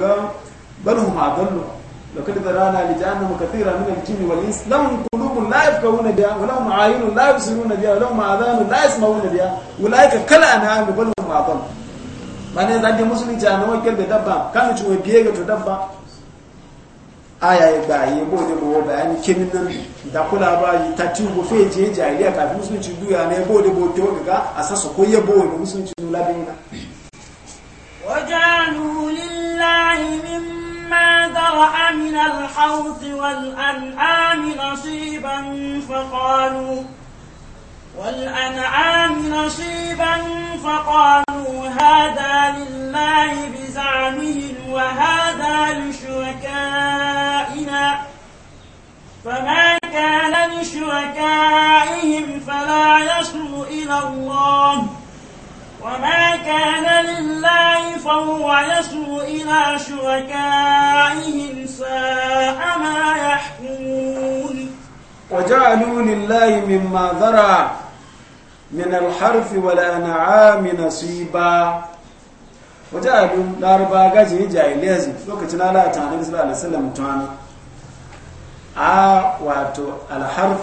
[SPEAKER 1] ba da لقد ذرانا لجهنم كثيرا من الجن والانس لهم قلوب لا يفقهون بها ولهم اعين لا يبصرون بها ولهم اذان لا يسمعون بها اولئك كالانعام بل هم mane zandi musulunci a nawa girbe dabba kanu ci wai biye ga to dabba aya ya ba yi ko ne bo bayani kemin nan da kula ba yi ta ci go fe je jariya ka musulunci duya ne bo de bo to ga asasa ko ye bo ne musulunci nu labin na
[SPEAKER 2] wajalu lillahi mimma dara min al-hawd wal an'am nasiban faqalu والأنعام نصيبا فقالوا هذا لله بزعمهم وهذا لشركائنا فما كان لشركائهم فلا يصل إلى الله وما كان لله فهو يصل إلى شركائهم ساء
[SPEAKER 1] ما يحكمون وجعلوا لله مما ذرأ من الحرف والأنعام نصيبا وجعلوا لاربا غاجي جاهليز لوكتنا لا تعالى صلى الله عليه وسلم تعالى a wato alharf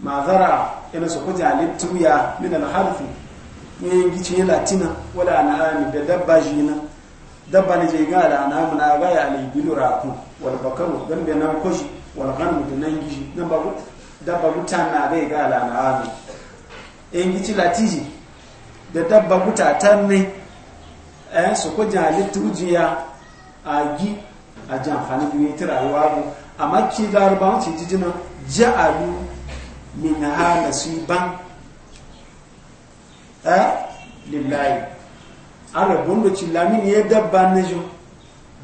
[SPEAKER 1] ma zara yana su kuja littuya min alharfi ne yin gici latina wala anami da dabba jina dabba ne je ga da anamu na ga ya alibilu raku wal bakaru dan be nan koshi wal ghanmu dan gishi dan ba dabba mutana ga ga da anami in gici latiji da dabba mutatan ne ɗayan eh, su a halittu ujiya a gi a ji amfani biyu ta rayuwa bu a maki da rubawa ce jijina ja'alu min ha ban eh lillahi arabun da cilamin ya dabba na ji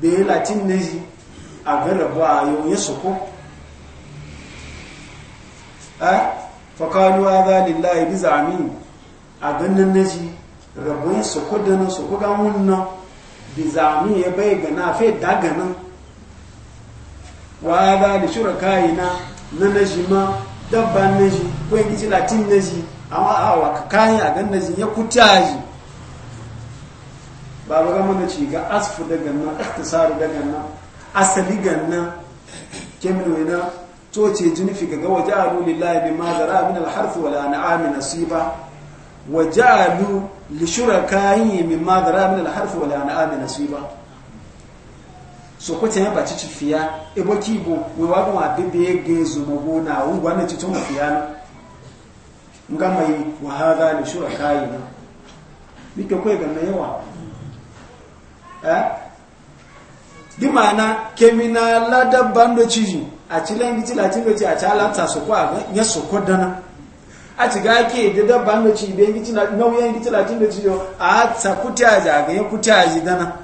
[SPEAKER 1] da ya latin na ji a ga rabu a yau ya soko eh fakalu hadha lillahi bi zamin a ganin naji rabon su kudin su kuga wannan bi zamin ya bai ga na fe daga nan wa hadha li shurakaina na naji ma dabban naji ko yin ji latin naji amma a wa kayan a ganin naji ya kutaji ba ba gama da ci ga asfu daga nan ikhtisaru daga nan asali ganna kemino ina to ce jinifi ga wa ja'alu lillahi mimma zara min al wa wal an'am nasiba wa ja'alu li shurakayi mimma zara min al wa wal an'am nasiba so ko tanya baci ci fiya e bo ki bo we wa kuma bebe ge zu na u gwa na ci to mo fiya na nga mai wa hadha li shurakayi na bika ko ga na yawa eh di mana kemina ladabban do ciji a ci langici latin da ce a ci halatta su kwa ya su kwadana a ci gake da dabban da ci da yangici nauyin yangici latin da ci a ta kuta a ga ya kuta ji dana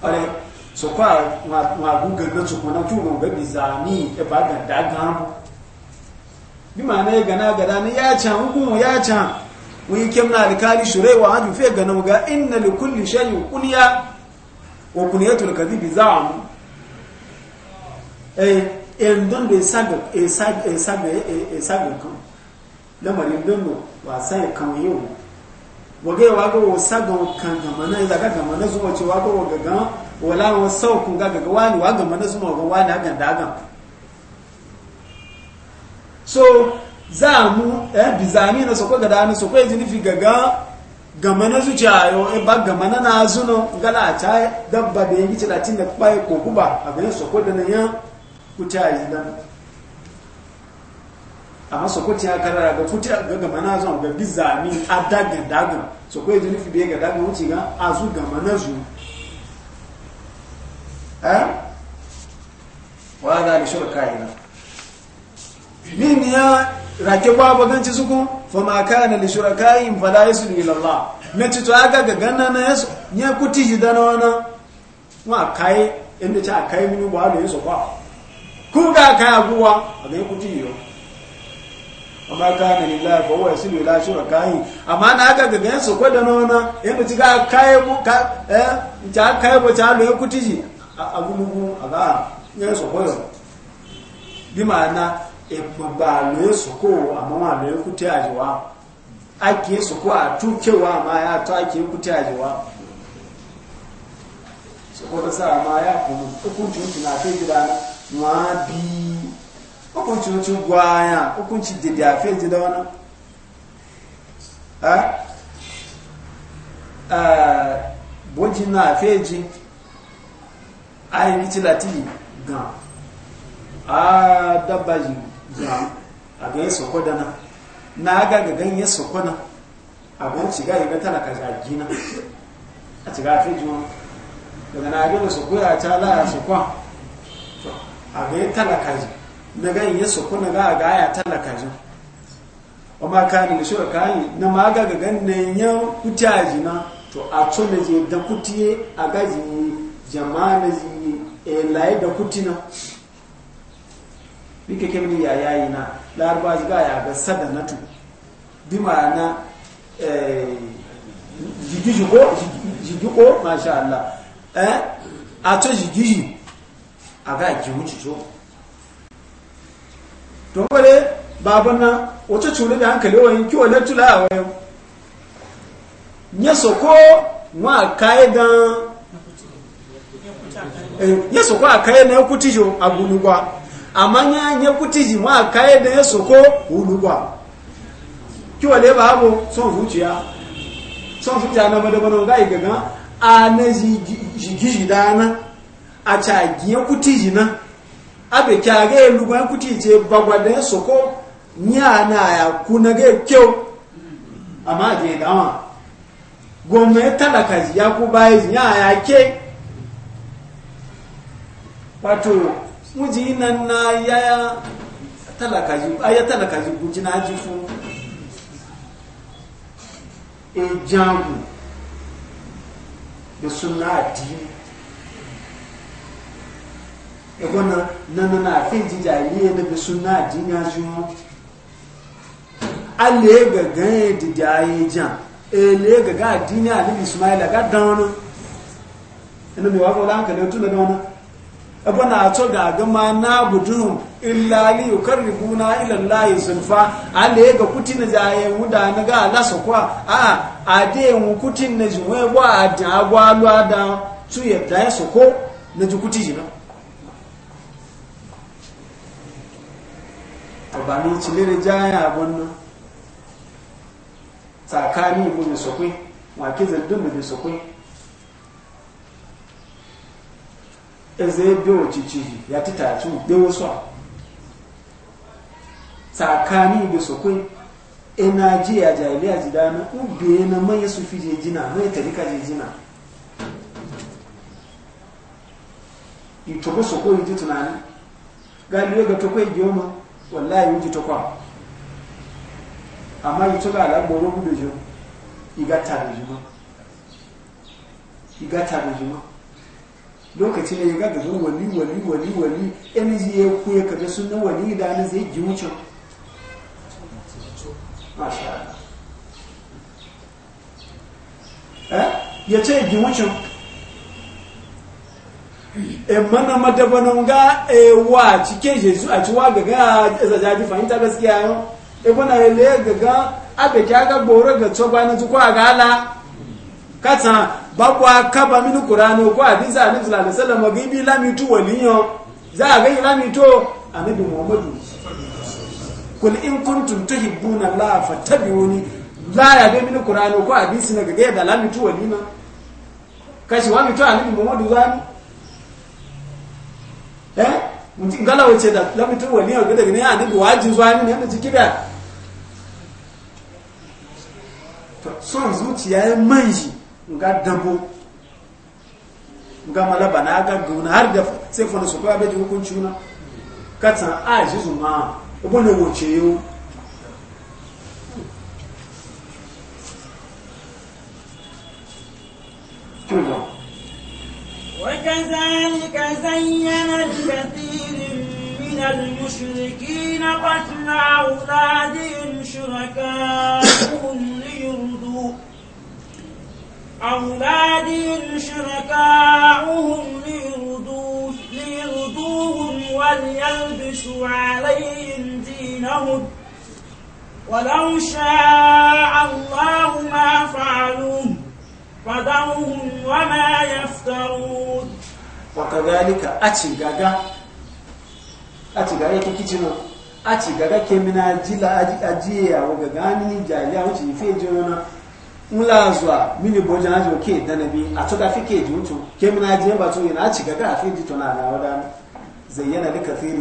[SPEAKER 1] ale su kwa ma gugar da su kuna tuno ga bizani ya ba ga daga bi ma na ya gana gada ni ya can hukumu ya can mun yi kemna alkali shurai wa hajjufe ganin ga inna likulli shayin kuliya wa kuniyatul kazi za'amu ɗon da sagun kan lamarin don wa sai kan yau wage wago wa sagun kan gama na ya e ga gama na zuwa ce wago wa gaga wala wa sauku ga gaga wani wa gama na zuwa ga wani a ganda gan so za mu eh bizami na sokwa gada, dani sokwa ji nufi gaga gama na zuciya yo e ba gama na na zuno gala a ta dabba da yi latin da kwaye ko guba a ganin sokwa da na yan. kuta yi dan amma so kuti akarara ga kuti ga gama na zuwa ga bizami adaga daga so ko yi nufi bai ga daga wuce ga azu gama na zo ha eh? wa da ni shurka ina min ya rake ba baganci suku fama ma kana li shurakaihim fala yaslu ila Allah na to aka ga ganna na yasu nya kuti dana wana a kai inda a kai mini ba da yasu ba kuga kaya guwa a ga yi kuti yiwu amma ka na lillahi fa huwa yasilu ila shurakahi amma na aka ga gansu ko nona in mutu kai mu ka eh ta kai bo ta lo kutiji a gulugu a ga ne bi ma'ana e ba lo so ko amma ma lo kuti ajiwa ake so ko a tukewa ma ya to ake kuti ajiwa so ko da sa ma ya kuma hukuncin tunafin gidana ma bi hukunci wuce gwaya okunci da dafe ji da wana a boji na feji a yi nici lati gan a dabba ji gan a yi soko dana na aga gaga ganye soko na a ga ci ga yi ga talaka jagina a ci ga feji wani daga na aga da soko ya ta la soko a ga yi talaka ji na ga yin su kuna ga ga ya talaka ji o ma ka ni shi ka yi na ma ga ga ganin yan kutaji na to a to na je da kuti a ga ji jama'a na ji e lai da Bi bike kemini ya yayi na larba ji ga ya ga tu. bi na eh jigiji ko jigi ko masha Allah eh a to jigiji aga giwuci co to wale baban na wace cuni da hankali wani kiwo na tula a wayo ya soko ma kayi dan eh, ya soko a kayi na ya kutijo a gulugwa amma ya ya kutiji ma kayi da ya soko gulugwa kiwo ne ba abu son zuciya son zuciya na madabano ga igaga a na jigiji dana a cagiye kuti jina abe kyage ya lugon kuti ce bagwada ya soko yana ya kuna ga kyau amma je dama gome talaka ya ku bayi ya ya ke wato muji nan na ya talaka ji ya talaka ji guji na ji fun e da suna adini ebona nana na afi jija liye na bi suna jinya jumo ale ga yɛ didi aye jan ele ga ga dini ali ismaila ga dawon ina mi wa ko lan kale tun da dawon ebona ato ga ga ma na abudu budun illa li yukarribuna ila yi sunfa ale ga kuti kutin da wu da ne ga ala sokwa a ade mu kuti na jumo e bo adan agwa lu adan tu ye da soko na yi jina ba ni cilere jaya gwanna tsakani mu bi sokwe wa ke zaldun sokwe eze ya de tsakani sokwe ina ji ya jahili ubi na mai fi mai tarika sokwe ji tunani galiwe ga tokwe wallahi yi to kwa amma yi ga da gboro gudu dojo igata da jima igata da jima lokaci ne ya ga zuwa wani wani wani wali emiji ya ku ya kaje sunan wani da ana zai ji wucin masha Allah eh yace ji wucin e mana madabanon ga e eh, cike jesu a ciwa ga ga zajaji fahimta gaskiya yau ebo eh, kuna ele ga ga abe kya ga boro ga tsoba na tukwa ga ala kata bakwa kaba minu qur'ani ko hadisi annabi sallallahu alaihi wasallam ga bi lamitu waliyo za ga Ane bi muhammadu kul in kuntum tuhibbuna allah fattabi'uni la ya ga minu qur'ani ko hadisi na ga ga da lamitu walima kashi wa mitu annabi muhammadu zani eh mutum gala wuce da lamitin wani yau daga ne a duka wajin zuwa ne yadda ciki da son zuciya ya manji ga dabo ga malaba na ga gauna har da sai fana su bai hukunci na a ji zuma ibo ne wace yau
[SPEAKER 2] وكذلك زين لكثير من المشركين قتل أولادهم شركاؤهم ليردوا أولادهم شركاؤهم ليردوا ليردوهم وليلبسوا عليهم دينهم ولو شاء الله ما
[SPEAKER 1] فعلوه فذرهم وما يفترون وكذلك أتي غاغا أتي غاغا كيكيتنا أتي غاغا كمنا جيلا جايا في جونا mini ke a tuka fi ke mina aji ba to yana ci gaga ji na wada zayyana da kathiri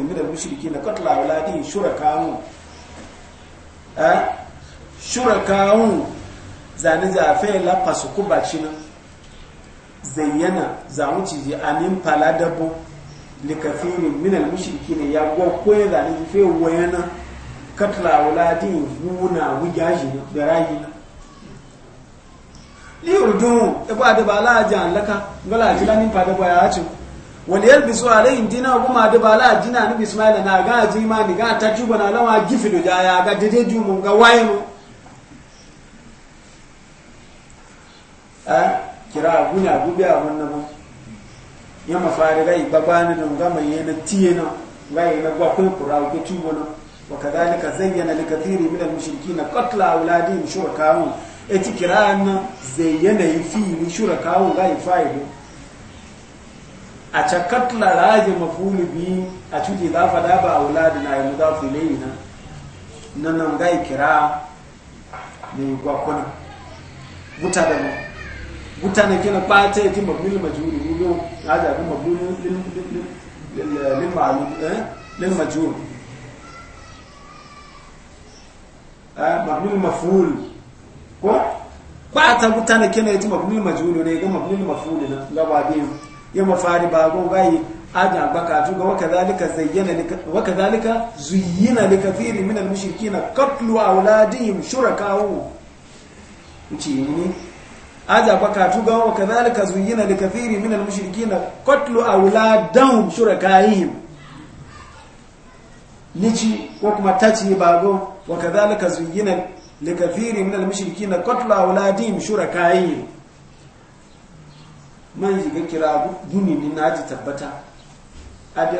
[SPEAKER 1] zanen za a fayin lafa su kuba ci nan zayyana za mu ci amin fala dabo likafirin minal mushriki ne ya gwa koya zanen fi wayana katla wuladin wuna wujaji na berayi na liyurdun ifa da ba la'aji jan laka gala ji lamin fada ba ya ci wani yalbi su alayin dina kuma da ba la'aji na nabi ismaila na ga ji ma ni ga ta juba na lawa gifi da ya ga dede ju mun ga waye mu a kira gunya gube a wannan ba ya mafari gai na don gama yana tiye na gai na gwakwai kura ko tubo na wa kadhalika zayyana likathiri min al-mushrikeena qatla awladihim shurakahum eti kirana zayyana yifili shurakahum gai fa'ilu a ca katla raje mafuli bi a cuti za fa daba a wuladi na yi za su ilayi na nan nan gai kira mai gwakwana buta da mutane kina pate ya timba mil eh? majuri gugu eh, ya da abin lil maful ko mutane timba mil ne maful na ya mafari ba aja ga wakadhalika zayyana wakadhalika zuyyina likathiri min almushrikina qatlu awladihim nchi ni aja baka tuga wa kadhalika zuyyina likathiri minal mushrikina qatlu awladahum shurakaihim nici ko kuma taci bago wa kadhalika zuyyina likathiri minal mushrikina qatlu awladihim shurakaihim man ji kira guni ni naji tabbata ada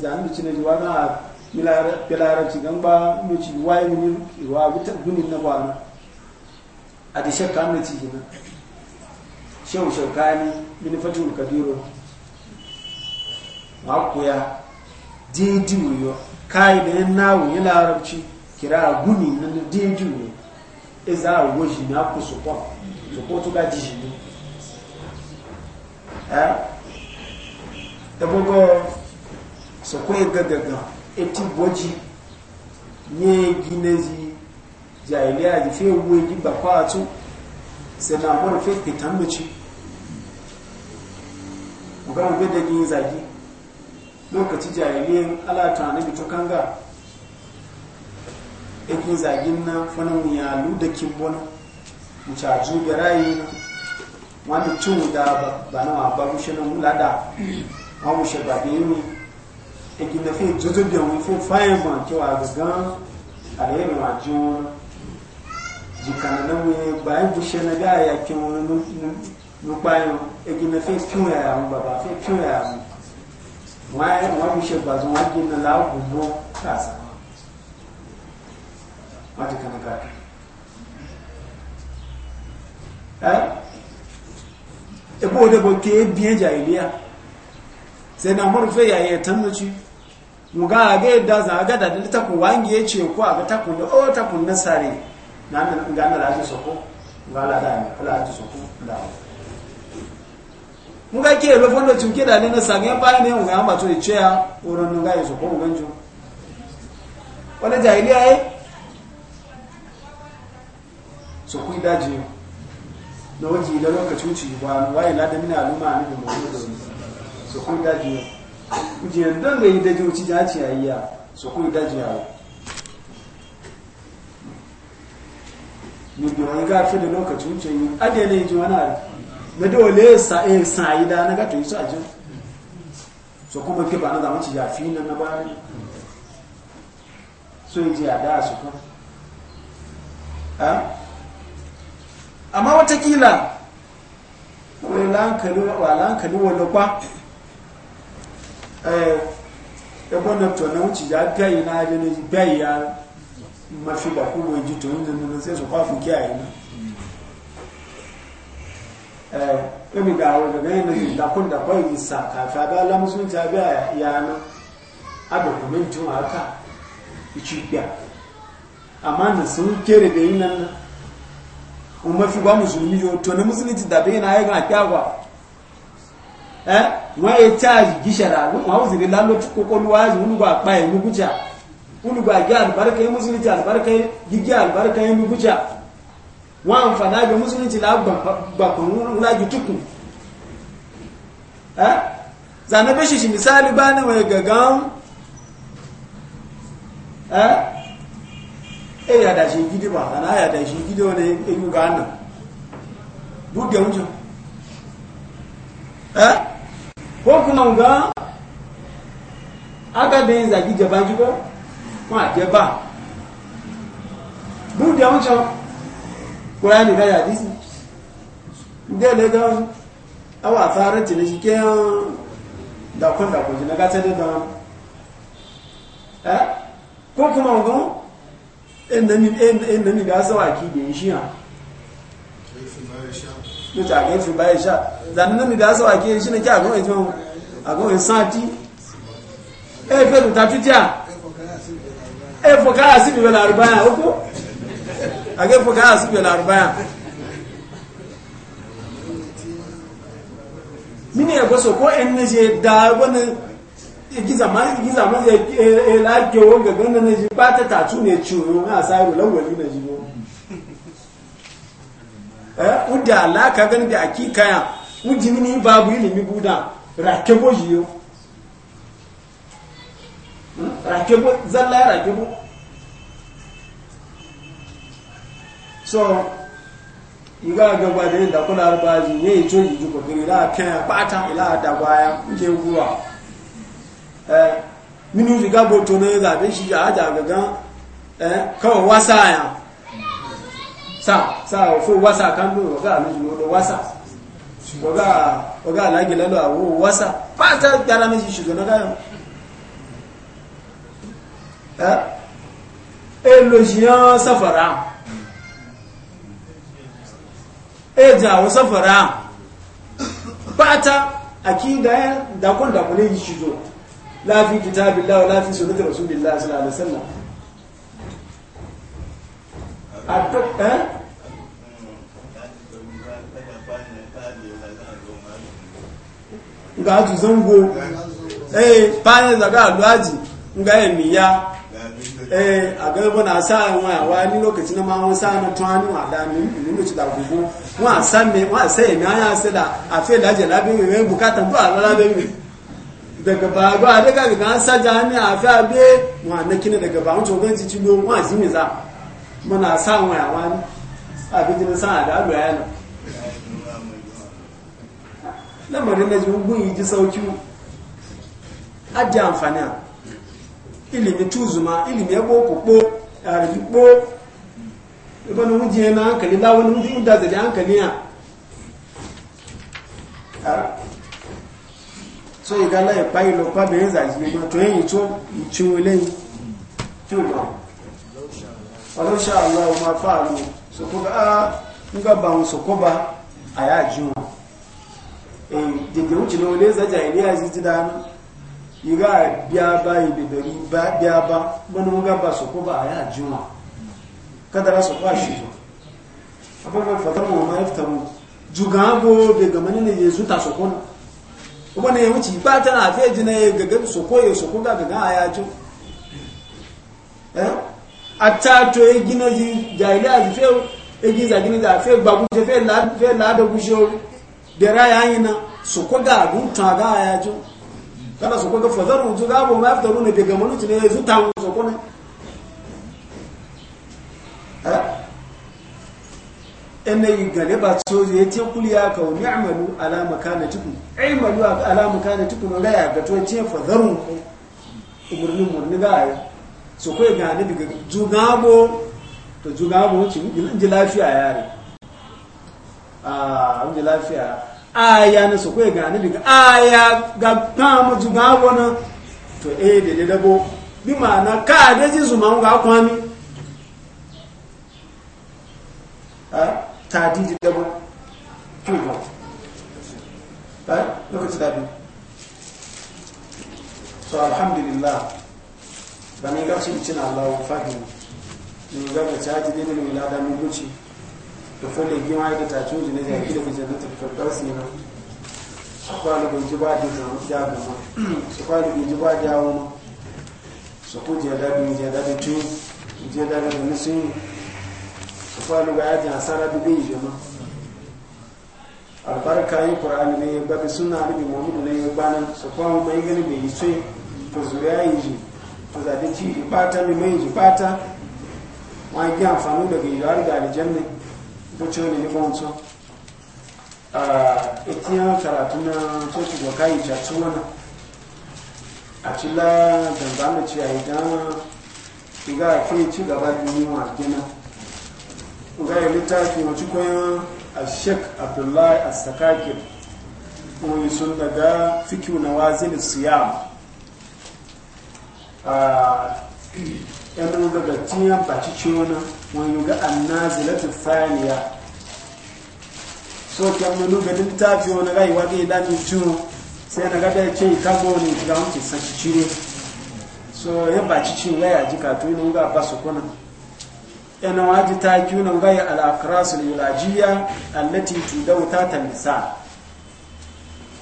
[SPEAKER 1] zanu cin ji wa ga milara pilara ci gamba mu ci wayi ni wa guta guni na ba a da shakka mai ci gina shehu shaukani mini fatul kadiru makuya jeji wuyo kai da yan nawo ya larabci kira guni na jeji wuyo e za a goji na ku su kwa su ko tuka ji ne eh? da gbogbo su kwaye gaggaga eti boji ne gineji jahiliya ji fe wuwe ba kwatu sai na mura fe fitan mace muga mu da gin zagi lokaci jahiliyan ala ta na bito kanga ekin zagin na fanin mu ya lu da kimbona mu caju garayi na wani cin da ba na wa ba mushe na mulada wa mushe ba da yi ekin na fi jojo da mu fe fayin ma kewa gagan alayyar wajen wani zukana we bayan bushe na ga ya kin wani nupayo egina fe tun ya ya baba fe tun ya ya wa wa bushe ba zo wa gina la gubo kasa mata kana ka eh e ya mu ga ga da za ga da ko a ga ta o ta ku sare nan nga na soko nga la da la ti soko da nga ke lo fondo chuke da nena sanga pa ne nga amba to chea oro nga yeso ko nganjo wala jahiliya e so ku daji na waje da lokacin ci ba wai la da mina aluma ne da mu so ku daji ku je dan ga yi da joci jaci ayya so ku daji ya yi ga fi da lokacin ce yi ade ne ji wani ari na dole sa e sa yi da na gato yi su a jin so kuma ke ba na zamanci ya fi nan na bari so yi ji a da su ha amma watakila wani lankali wa lankali wa kwa eh ya gwamnati wani wuce ya gayi na ajiyar gayi ya mafi da kuma ji to yin nan sai su kwafu kiyaye na eh kami ga wa daga yin da kun da kai isa ka fa ga la musulunci abi ya na a document tun aka ichi biya amma na sun kere da yin nan kuma mafi ba musulmi yo to na musulunci da bai na ya ga kyawa eh wa ya charge gishara ma uzuri lalo tukoko luwazi unu ba pa e mugucha kulu ba gi albarkai musulunci albarkai gigi albarkai bubuja wa amfana ga musulunci la bakon lagi tukun eh zane bashi shi misali ba na mai gagan eh eh ya da shi gidi ba ana ya da shi gidi wani ilu e ga annan buɗe wucin eh ko kuma ga aka da yin zagi gaba jiko wọn àjẹ́ bá búrúdì àwọn ṣọ kúrẹ́ nìkan yàdí sí dẹ́lẹ̀ gan awọ àtàrẹ tìlẹ̀ sí kí wọ́n dàkọ́dàkọ́ jìnà gátẹ́lẹ̀ gan ẹ́ kó kúmọ̀ ọ̀gán ẹnẹ́mì bí a sọ́wà kí ìdè ṣí hàn lóta àgẹ́ fi báyẹ̀ ṣá zanínẹ́mì bí a sọ́wà kí ìṣínà àgọ́ ìjọ́ àgọ́ ìsáàtí ẹ́ fẹ́ e fuka asibi wal arba'in uku age fuka asibi wal arba'in mini ya goso ko en ne da wani giza ma e giza ma je e, e ke wo ga ganda ne je pata ta tu ne e na sai lawali ne jibo eh uda la ka gani da akika ya ujimini babu ilimi buda rakebo jiyo rakibu zalla ya bu so iga gaba da yadda kula albaji ya yi coji ji kokiri ila kan ya bata ila da baya nke guwa eh minu shiga boto ne zabe shi ya ga gaga eh kawo wasa ya sa sa fo wasa kan do ga mi do wasa oga oga lagi lalo awo wasa pata gara mi shi shigo na ga elojiyan eh? e safara ejawo safara pata akida dakon dakule yi shizo lafi kitabillah wa lafi sunnati su sallallahu alaihi wasallam atok eh ga tu zango eh pa ne daga alwaji ga miya eh a ga bana sa wa wa ni lokaci na ma won sa na tuani wa da ni ni lo ti da gugu wa sa me wa se mi aya se da a fe da je la bi me bukata do ala la bi daga ba ga da ka ga asa ja ni a fe abi wa na kina daga ba won to gan ti ti lo wa ji mi za mana sa wa wa ni a bi ni sa da do ya na lamarin na ji gun yi ji sauki a ji amfani a ilimi tuzuma ilimi ya boko kpo yarji kpo ba na wujiye na hankali lawon mun da zali hankali a. Ah. so igala ya payi lo pa bere zaji ma to yi to ichu eleyin ti o lo walau sha Allah ma fa alu so ko ga ah, nga ba so ko ba aya jun eh de na wuce lo le zaja ile aji ti dana iga biya ba ibe dari ba biya ba manu ga ba su ko ya juma kada ra su kwashi zo abin fatar mu ma yaftaru jugago be ga mani ne yezu ta su ko na kuma ne na ba ta na fe jina ya gaga su ko ya su ko ga ga ya ju eh egi na ji jaili a fe e gi za gino da fe ba ku je fe la fe la da ku jo dera ya yina su ko ga gun ta ya ju kana su kunga fazar mutu za mu mafi taru ne daga manuci ne zu ta mutu ko ne eh? yi gane ba soji ya ce kuliya ka wani amalu alama kane tuku amalu alama kane tuku na gaya ga to ce fazar mutu umarnin murni gaya so ko ga ne daga jugabo to jugabo ci ji lafiya yare a ah, ji lafiya aya na su kai ga nabi ga aya ga ta mu juga wona to eh de de dabo bi ma'ana ka da ji su ma ga kwami ha ta di de dabo to ba ba lokaci da bi so alhamdulillah bani ga su cin Allah fahimu ni ga ga ta ji ne ni lada mu guci da fole gima da ta ci ne da kila bijin da tafiya su ne sukwani ji ba da zama ya gama sukwani bin ji ba da yawo ma su ku je da bin je da da tun je da da ni sun sukwani ga yaji hasara da bin je ma albarka yi qur'ani ne ba bi sunna nabi muhammadu ne ya bana sukwani mai gani bai yi sai to zuriya yi ji to da ci ji bata ni mai ji bata wa gi amfani daga yaro da aljanna boccione ne bonso a ah, etiya karatu na tsoci ga kai ta tsona a cilla dambana ci ai da iga ke ci gaba ni wa ga ya littafi wa Abdullahi As-Sakakir kuma sun daga fikiu na wazil siyam ah, yan ga gatiyan baci ciwona wani ga lati thaniya so kyan manu ga duk tafi wani ga yi wage da ciwo sai na gada ce ta goni ga wanke sashi cire so ya baci ciwo ga yaji kato yi ga ba su kuna yana waji ta ki wani ga yi da yulajiya allati tudauta ta nisa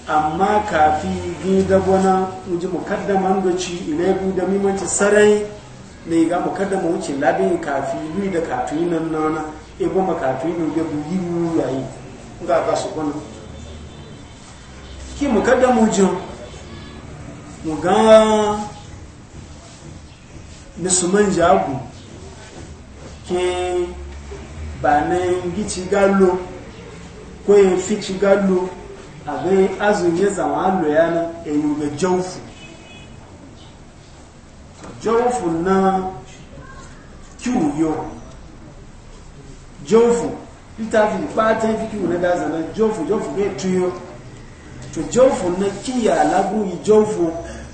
[SPEAKER 1] amma kafi gida gona uji mukaddaman doci ilai da mimanci sarai ne ga mu kada mu wuce labin kafi lui da kafi nan nana e goma kafi nan ga buyi yayi ga ga su kono ki mu kada mu jin mu ga musulman jagu ke ba nan gici gallo ko yin fici gallo abin azun ya zama allo yana eyu ga jaufu Jofu na kiwuyo jawfu littafin fatan fi kiwu na gaza na jawfu jawfu bai tuyo to jawfu na kiya lagu yi jawfu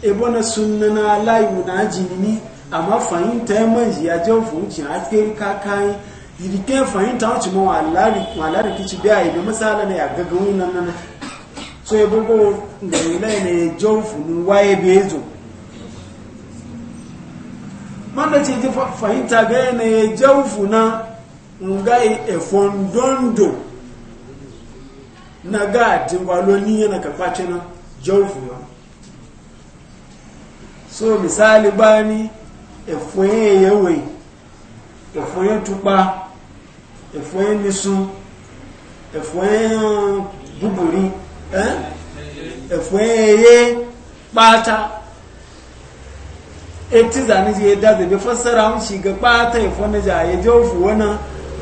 [SPEAKER 1] ebo na sunna na layu na ajinini amma fahimta ya manji ya jawfu wuce a kai fahimta wuce ma walari kici biya ibe a na ya gagawin so na jawfu ni waye mana ce ji fahimta ga yanayi jaufu na ngai efondondo na ga jingwalo ni yana karface na jaufu ya so misali ba bani efoye yewe efoye tupa efoye nisu efoye buburi eh efoye ye pata eti zane je da zabe fassara mu shi ga bata ya fona ja ya je fu wana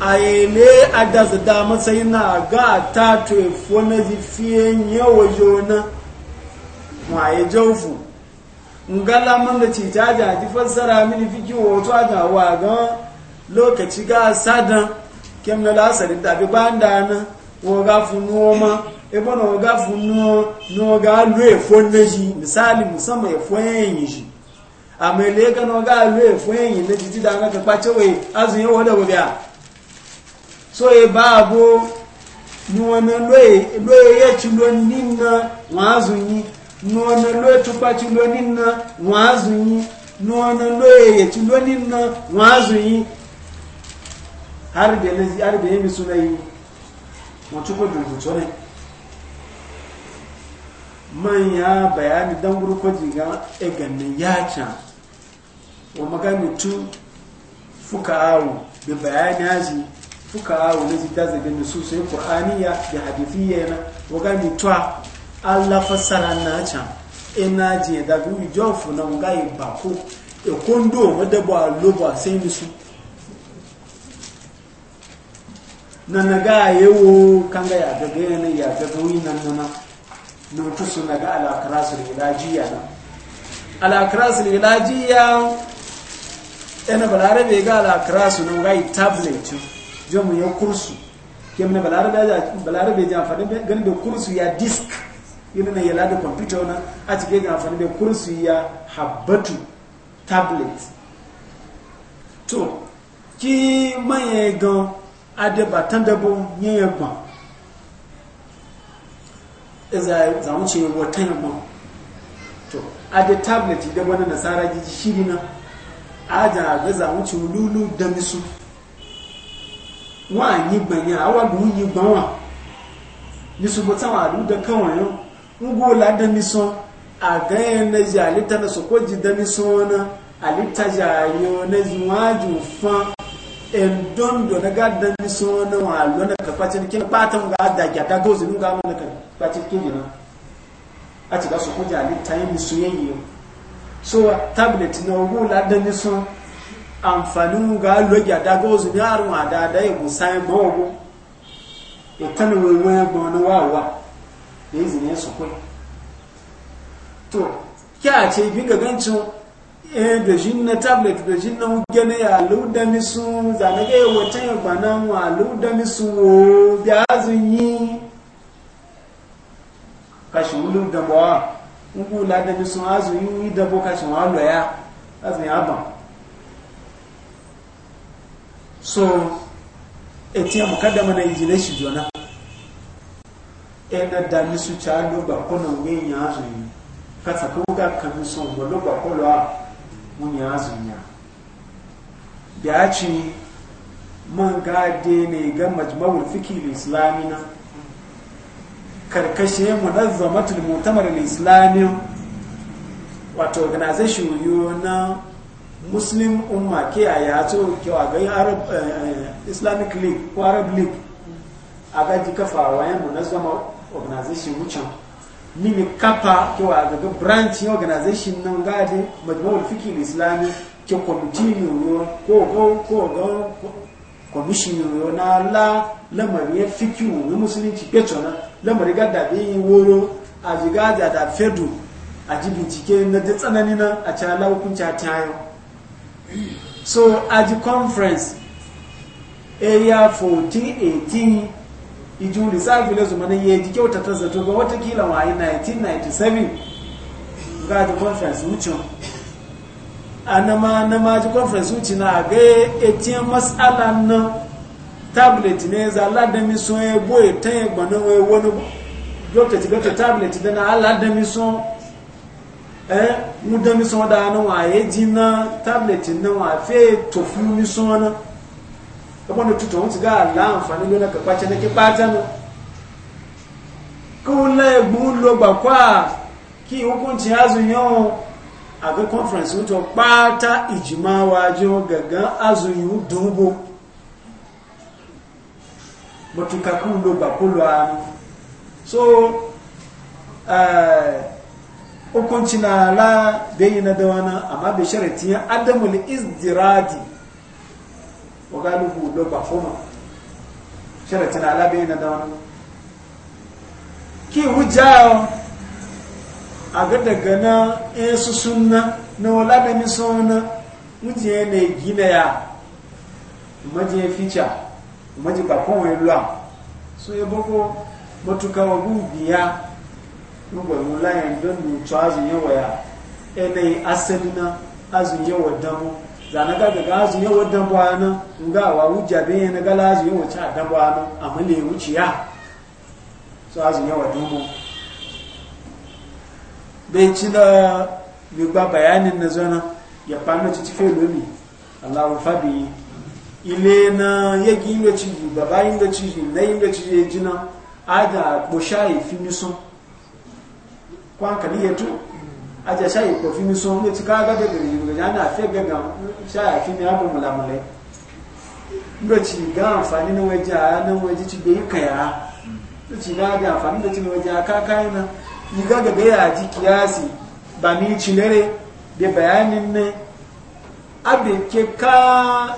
[SPEAKER 1] ayele adaza da matsayin na ga ta to ya fona ji fiye yawa jona ma ya je fu ngala man da ci ta ja ji fassara mini fiki wato ga wa ga lokaci ga sadan kem na lasarin da bi banda na wo ga fu noma ebo na wo ga funu no ga lu e fona ji misali musamman e fona yin ji amele ga no ga lu efu yin le titi da na pa chewe azu yin wodo so e ba bo nu ona lo e lo e ye ti lo ninna wa azu yin nu ona lo e tu pa ti lo ninna wa azu yin lo e ye lo wa har be le har mi mo du bayani dan ga e wa magami tu fuka awu da bayani haji fuka awu na ji daza da nusu sai ya, da ya na wa gami tu Allah fassara na can ina ji da bi jofu na ngai bako e kondo madaba a sai nisu na naga yawo kanga ya daga yana ya daga winan nana na tusu naga da ilajiya na da ilajiya ena balarabe ga la krasu no ga tablet jo mu yo kursu kemne balarabe ja balarabe ja fa be gan be kursu ya disk yene na yela da computer na a ge ga fa be kursu ya habatu tablet to ki maye gan adeba bo nye yagbon e za za mu ce watan yagbon to ade tablet de wani nasara ji shirina na aja gaza wuce lulu da misu wa yi gbanya awa bi yi gbanwa misu bo tawa alu da kawai yau ngo da misu a ga yan na ji alita da soko ji da misu wana alita ja na ji waju fa en don do na ga da misu wana wa lo na ka pacin kin patan ga da ga ga gozi nun ga mun kin na a ci ga soko ji alita yi misu yayi yau so tablet na ogun ladan ni sun amfani ga logi adaga ozu ni arun adada ibu sai ma ogun itanu wewe gbon ni wa wa da ne su sokoi to ki a ce bi ga gancin eh da jin na tablet da jin na gane ya luda mi sun zanaga ya wata ya gbana wa luda mi sun wo bi azun yi kashi wulun da bawa ngu la da bi sun azu yi da boka sun wa azu ya ban so na injile shi jona ena da mi su cha lo ba ko na ngi nya azu yi kasa ko ga kan sun go lo a mun ya ne ga islamina karkashe munazzamatul mu'tamar al-islami wato organization na muslim umma ke ayato ke kewa ga arab eh, islamic league ko arab league a gaji kafawa yan munazzama organization wucin mimi kapa ke ga ga branch organization nan gaji majmu'ul fiqh islami ke committee yo ko ko ko ko commission yo na la lamarin fiqh musulunci petona lamari ga da woro a jiga da da fedu a ji bincike na da tsanani na a cala hukunci a so a ji conference area 1418 iju lissafi na zuma na yaji kyauta ta zato ga watakila waye 1997 ga ji conference wucin a nama nama ji conference wucin na ga etiyan matsalan nan tablet ne za aladami sun egbo etan egbonan ewo ni gọtẹ̀tì gọtẹ̀ tablet dana aladami sun ẹ eh, mudami sun da na wọn aye jina tablet na wọn e to tofu ni sun na ẹgbọ́n tuntun wọn ti ga ala àǹfààní lónà kẹpa tẹ ní kípa tẹ nu kí wọn lé egbun lo gbàkwá kí ìhókùn tí a zùn yàn àgbẹ̀ conference wọn tó pátá ìjìmá wájú gàgán azùn yìí dùn bó. matuka kundo bakulwani so hukunci eh, na la bayyana da wani amma bai sharatin ya adamul izdiradi wa galibu do ba kuma sharatin na la bayyana da wani ki wujayo a ga daga na in su sunna na wala da mi sunna muje ne gina ya maje ficha umaji ka kowe lwa so ye boko matuka wa gubiya ngwa mula yan don mu azu yawa ya ene asalina azu yawa damu zana ga azu yawa damu ana nga wa wuja be ne ga azu yawa cha damu ana amale wuciya so azu yawa damu bai ci da gbigba bayanin na zana ya fara ci ci fe lomi Allahu fabi ile na yegi inda ciji baba inda ciji na inda ciji ya jina ada kpo shayi fi nisan kwan kali ya tu aja shayi kpo fi nisan ne ti ka gaga da rijibu gaja na ga gaga shayi fi ni abu mulamulai inda ci ga amfani na waje a nan waje ci bai kaya da ci ga da amfani da ci na ka a kakayi na yi gaga ya ji kiyasi ba ni cinere da bayanin ne abe ke ka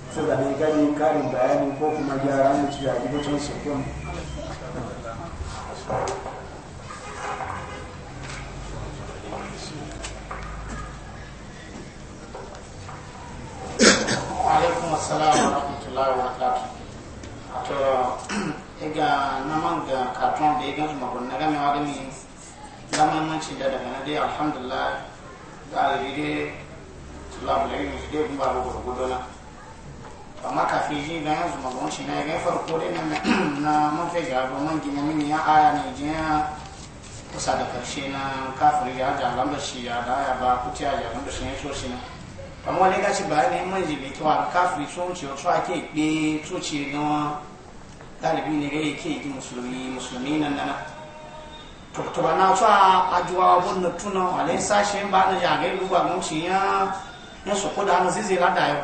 [SPEAKER 1] sai da ne gani karin bayani ko kuma gyara mu ci a gidajen sukun
[SPEAKER 4] alaikum wa rahmatullahi wa to iga man ga da na da daga alhamdulillah ga alhiri ne shi dai kuma amma kafin ji na yanzu magon shi na yaga farko dai na man fai jaro man gina mini ya aya ne jiya kusa da karshe na kafin ya da lamba shi ya da ya ba kuti ya lamba shi ne so shi na amma ne gashi ba ne man ji bai kiwa kafin sun ce wasu ake ɗe tuce na dalibi ne gai ke yi musulmi musulmi nan nan tuba na wasu ajuwa wani tunan alai sashen ba na jagai duba mun ci ya ko da na zizila da yau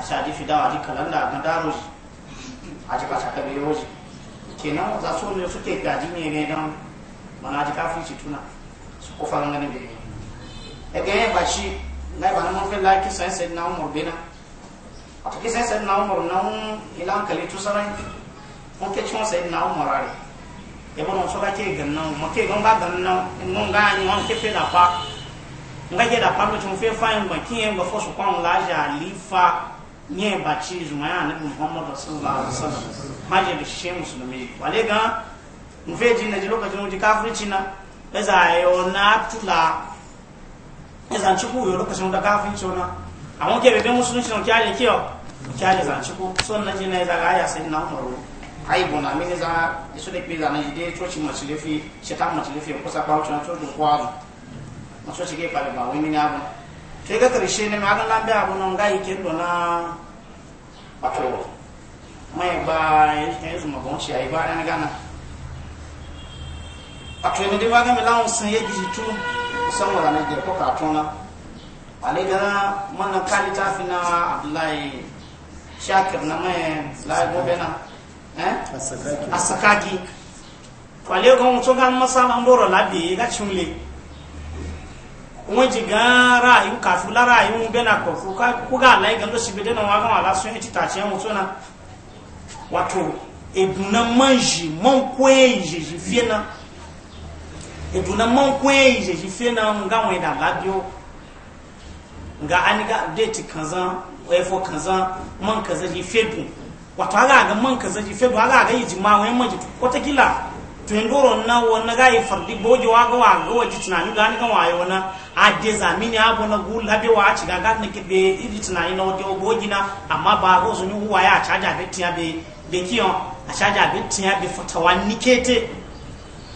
[SPEAKER 4] asadi fidawa di kalanda na daroji a jika saka biyoji kenan za su ne suke gaji ne ne don mana ji kafin ci tuna su kofa ganin e da ne ege ya bashi na ba na mun fi laki sai sai na umar bena, a take sai sai na umar na un ilan kale tu sarai mun ke cin sai na umar ari ya e bono so ke gannan mu ke gan ba gannan mun ga ni mun ke fe da fa nga je da pa mu tun fe fa en ba kin en ba fo su kon la ja li fa nye baci zumaya ne muhammad sallallahu alaihi wasallam maje da shi musulmi wale ga mu fe jin da lokacin mu kafirci na eza yo na tula eza chiku yo lokacin da kafirci na awon ke bebe musulunci no kyale kiyo kyale za chiku so na jin eza ga ya sai umaru ai bona mini za isu da pe za na jide chochi masilefi shetan masilefi ko sa ba kwa maso chike pale ba wimini ke ga karshe ne ma ga lambe abu non ga yake do na wato mai ba yanzu ma bon shi ai ba an gana wato ne ba ga mi lawon sun ye gidi tu san wala ne ko ka tona ale ga man kali ta fina abdullahi shakir na mai lai gobe na eh asakaki kwale ga mun to ga masala ndoro labi ga chumle wọn ji gan ra ayi kafu lara ayi wọn kó gan ala sɔn eti na wato eduna man man na man koe zezi na nga wọn da labi nga anika date kanzan ɛfɔ kanzan man kanzan yi wato aga man kanzan yi yi ji ma wọn man na wọn na ga yi adeza mini abu na gu labe wa ci ga gan ke be idit na ina ojo bogina amma ba go sun huwa ya chaja be tiya be be kiyo a chaja be tiya be fatawa nikete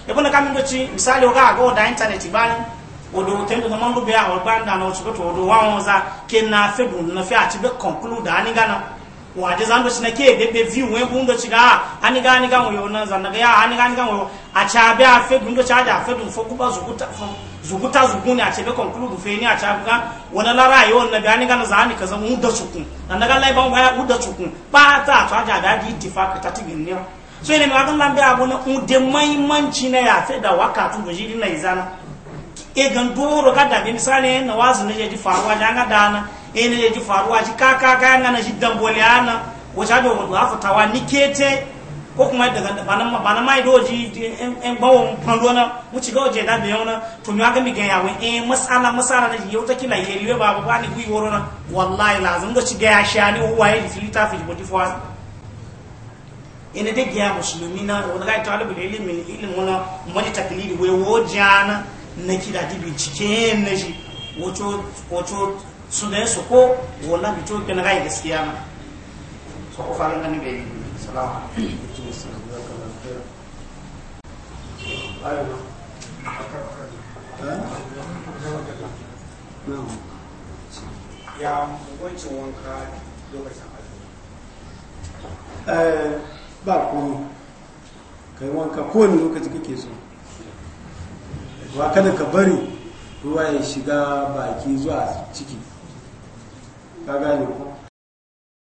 [SPEAKER 4] e bona kamin do ci misali ga go da internet ban odo tendo na mandu be a o banda na o to odo wa won ke na fe dun na fe a ci be conclude ani gana wa de zando ci na ke be be view we bundo ci ga ani ga ani ga wo yo na za na ga ani ga ani ga wo a cha be a fe dun do chaja fe dun fo kuba zukuta fo zuguta zuguni a cebe konkulu fe ni a cabuga wani lara yi wani nabi aniga na ni ka zama muda sukun na naga lai ban baya muda sukun ba ta a caja da adi difa ka ta tigin ne so yi ne mai agan lambe abu na ude maimanci na ya fi da waka tun guji din na izana e gan doro ka da misali na wazu na jeji faruwa faruwa ja ga dana e ne jeji faruwa ji kaka ga na ji dambole ana wacha hafa tawa ni kete. ko kuma daga bana bana mai doji en bawo pando na mu ci goje da biyo na to mi aga mi ga yawo eh masala masala na yau ta kila yeri we baba ba ni gui woro na wallahi lazim do ci ga ya shani o waye di ta fi bodi fo ina de ga muslimi na ta talibul ilmi ilmi na mali taklidi we wo jana na da di bincike na shi wato wato su da so ko wallahi to kana ga gaskiya na so ko falan kan ne ya
[SPEAKER 1] wancan wanka lokacin eh, ba komi kai wanka kowane lokaci kake so wa kada ka bari ruwa ya shiga baki zuwa ciki ka gane ku.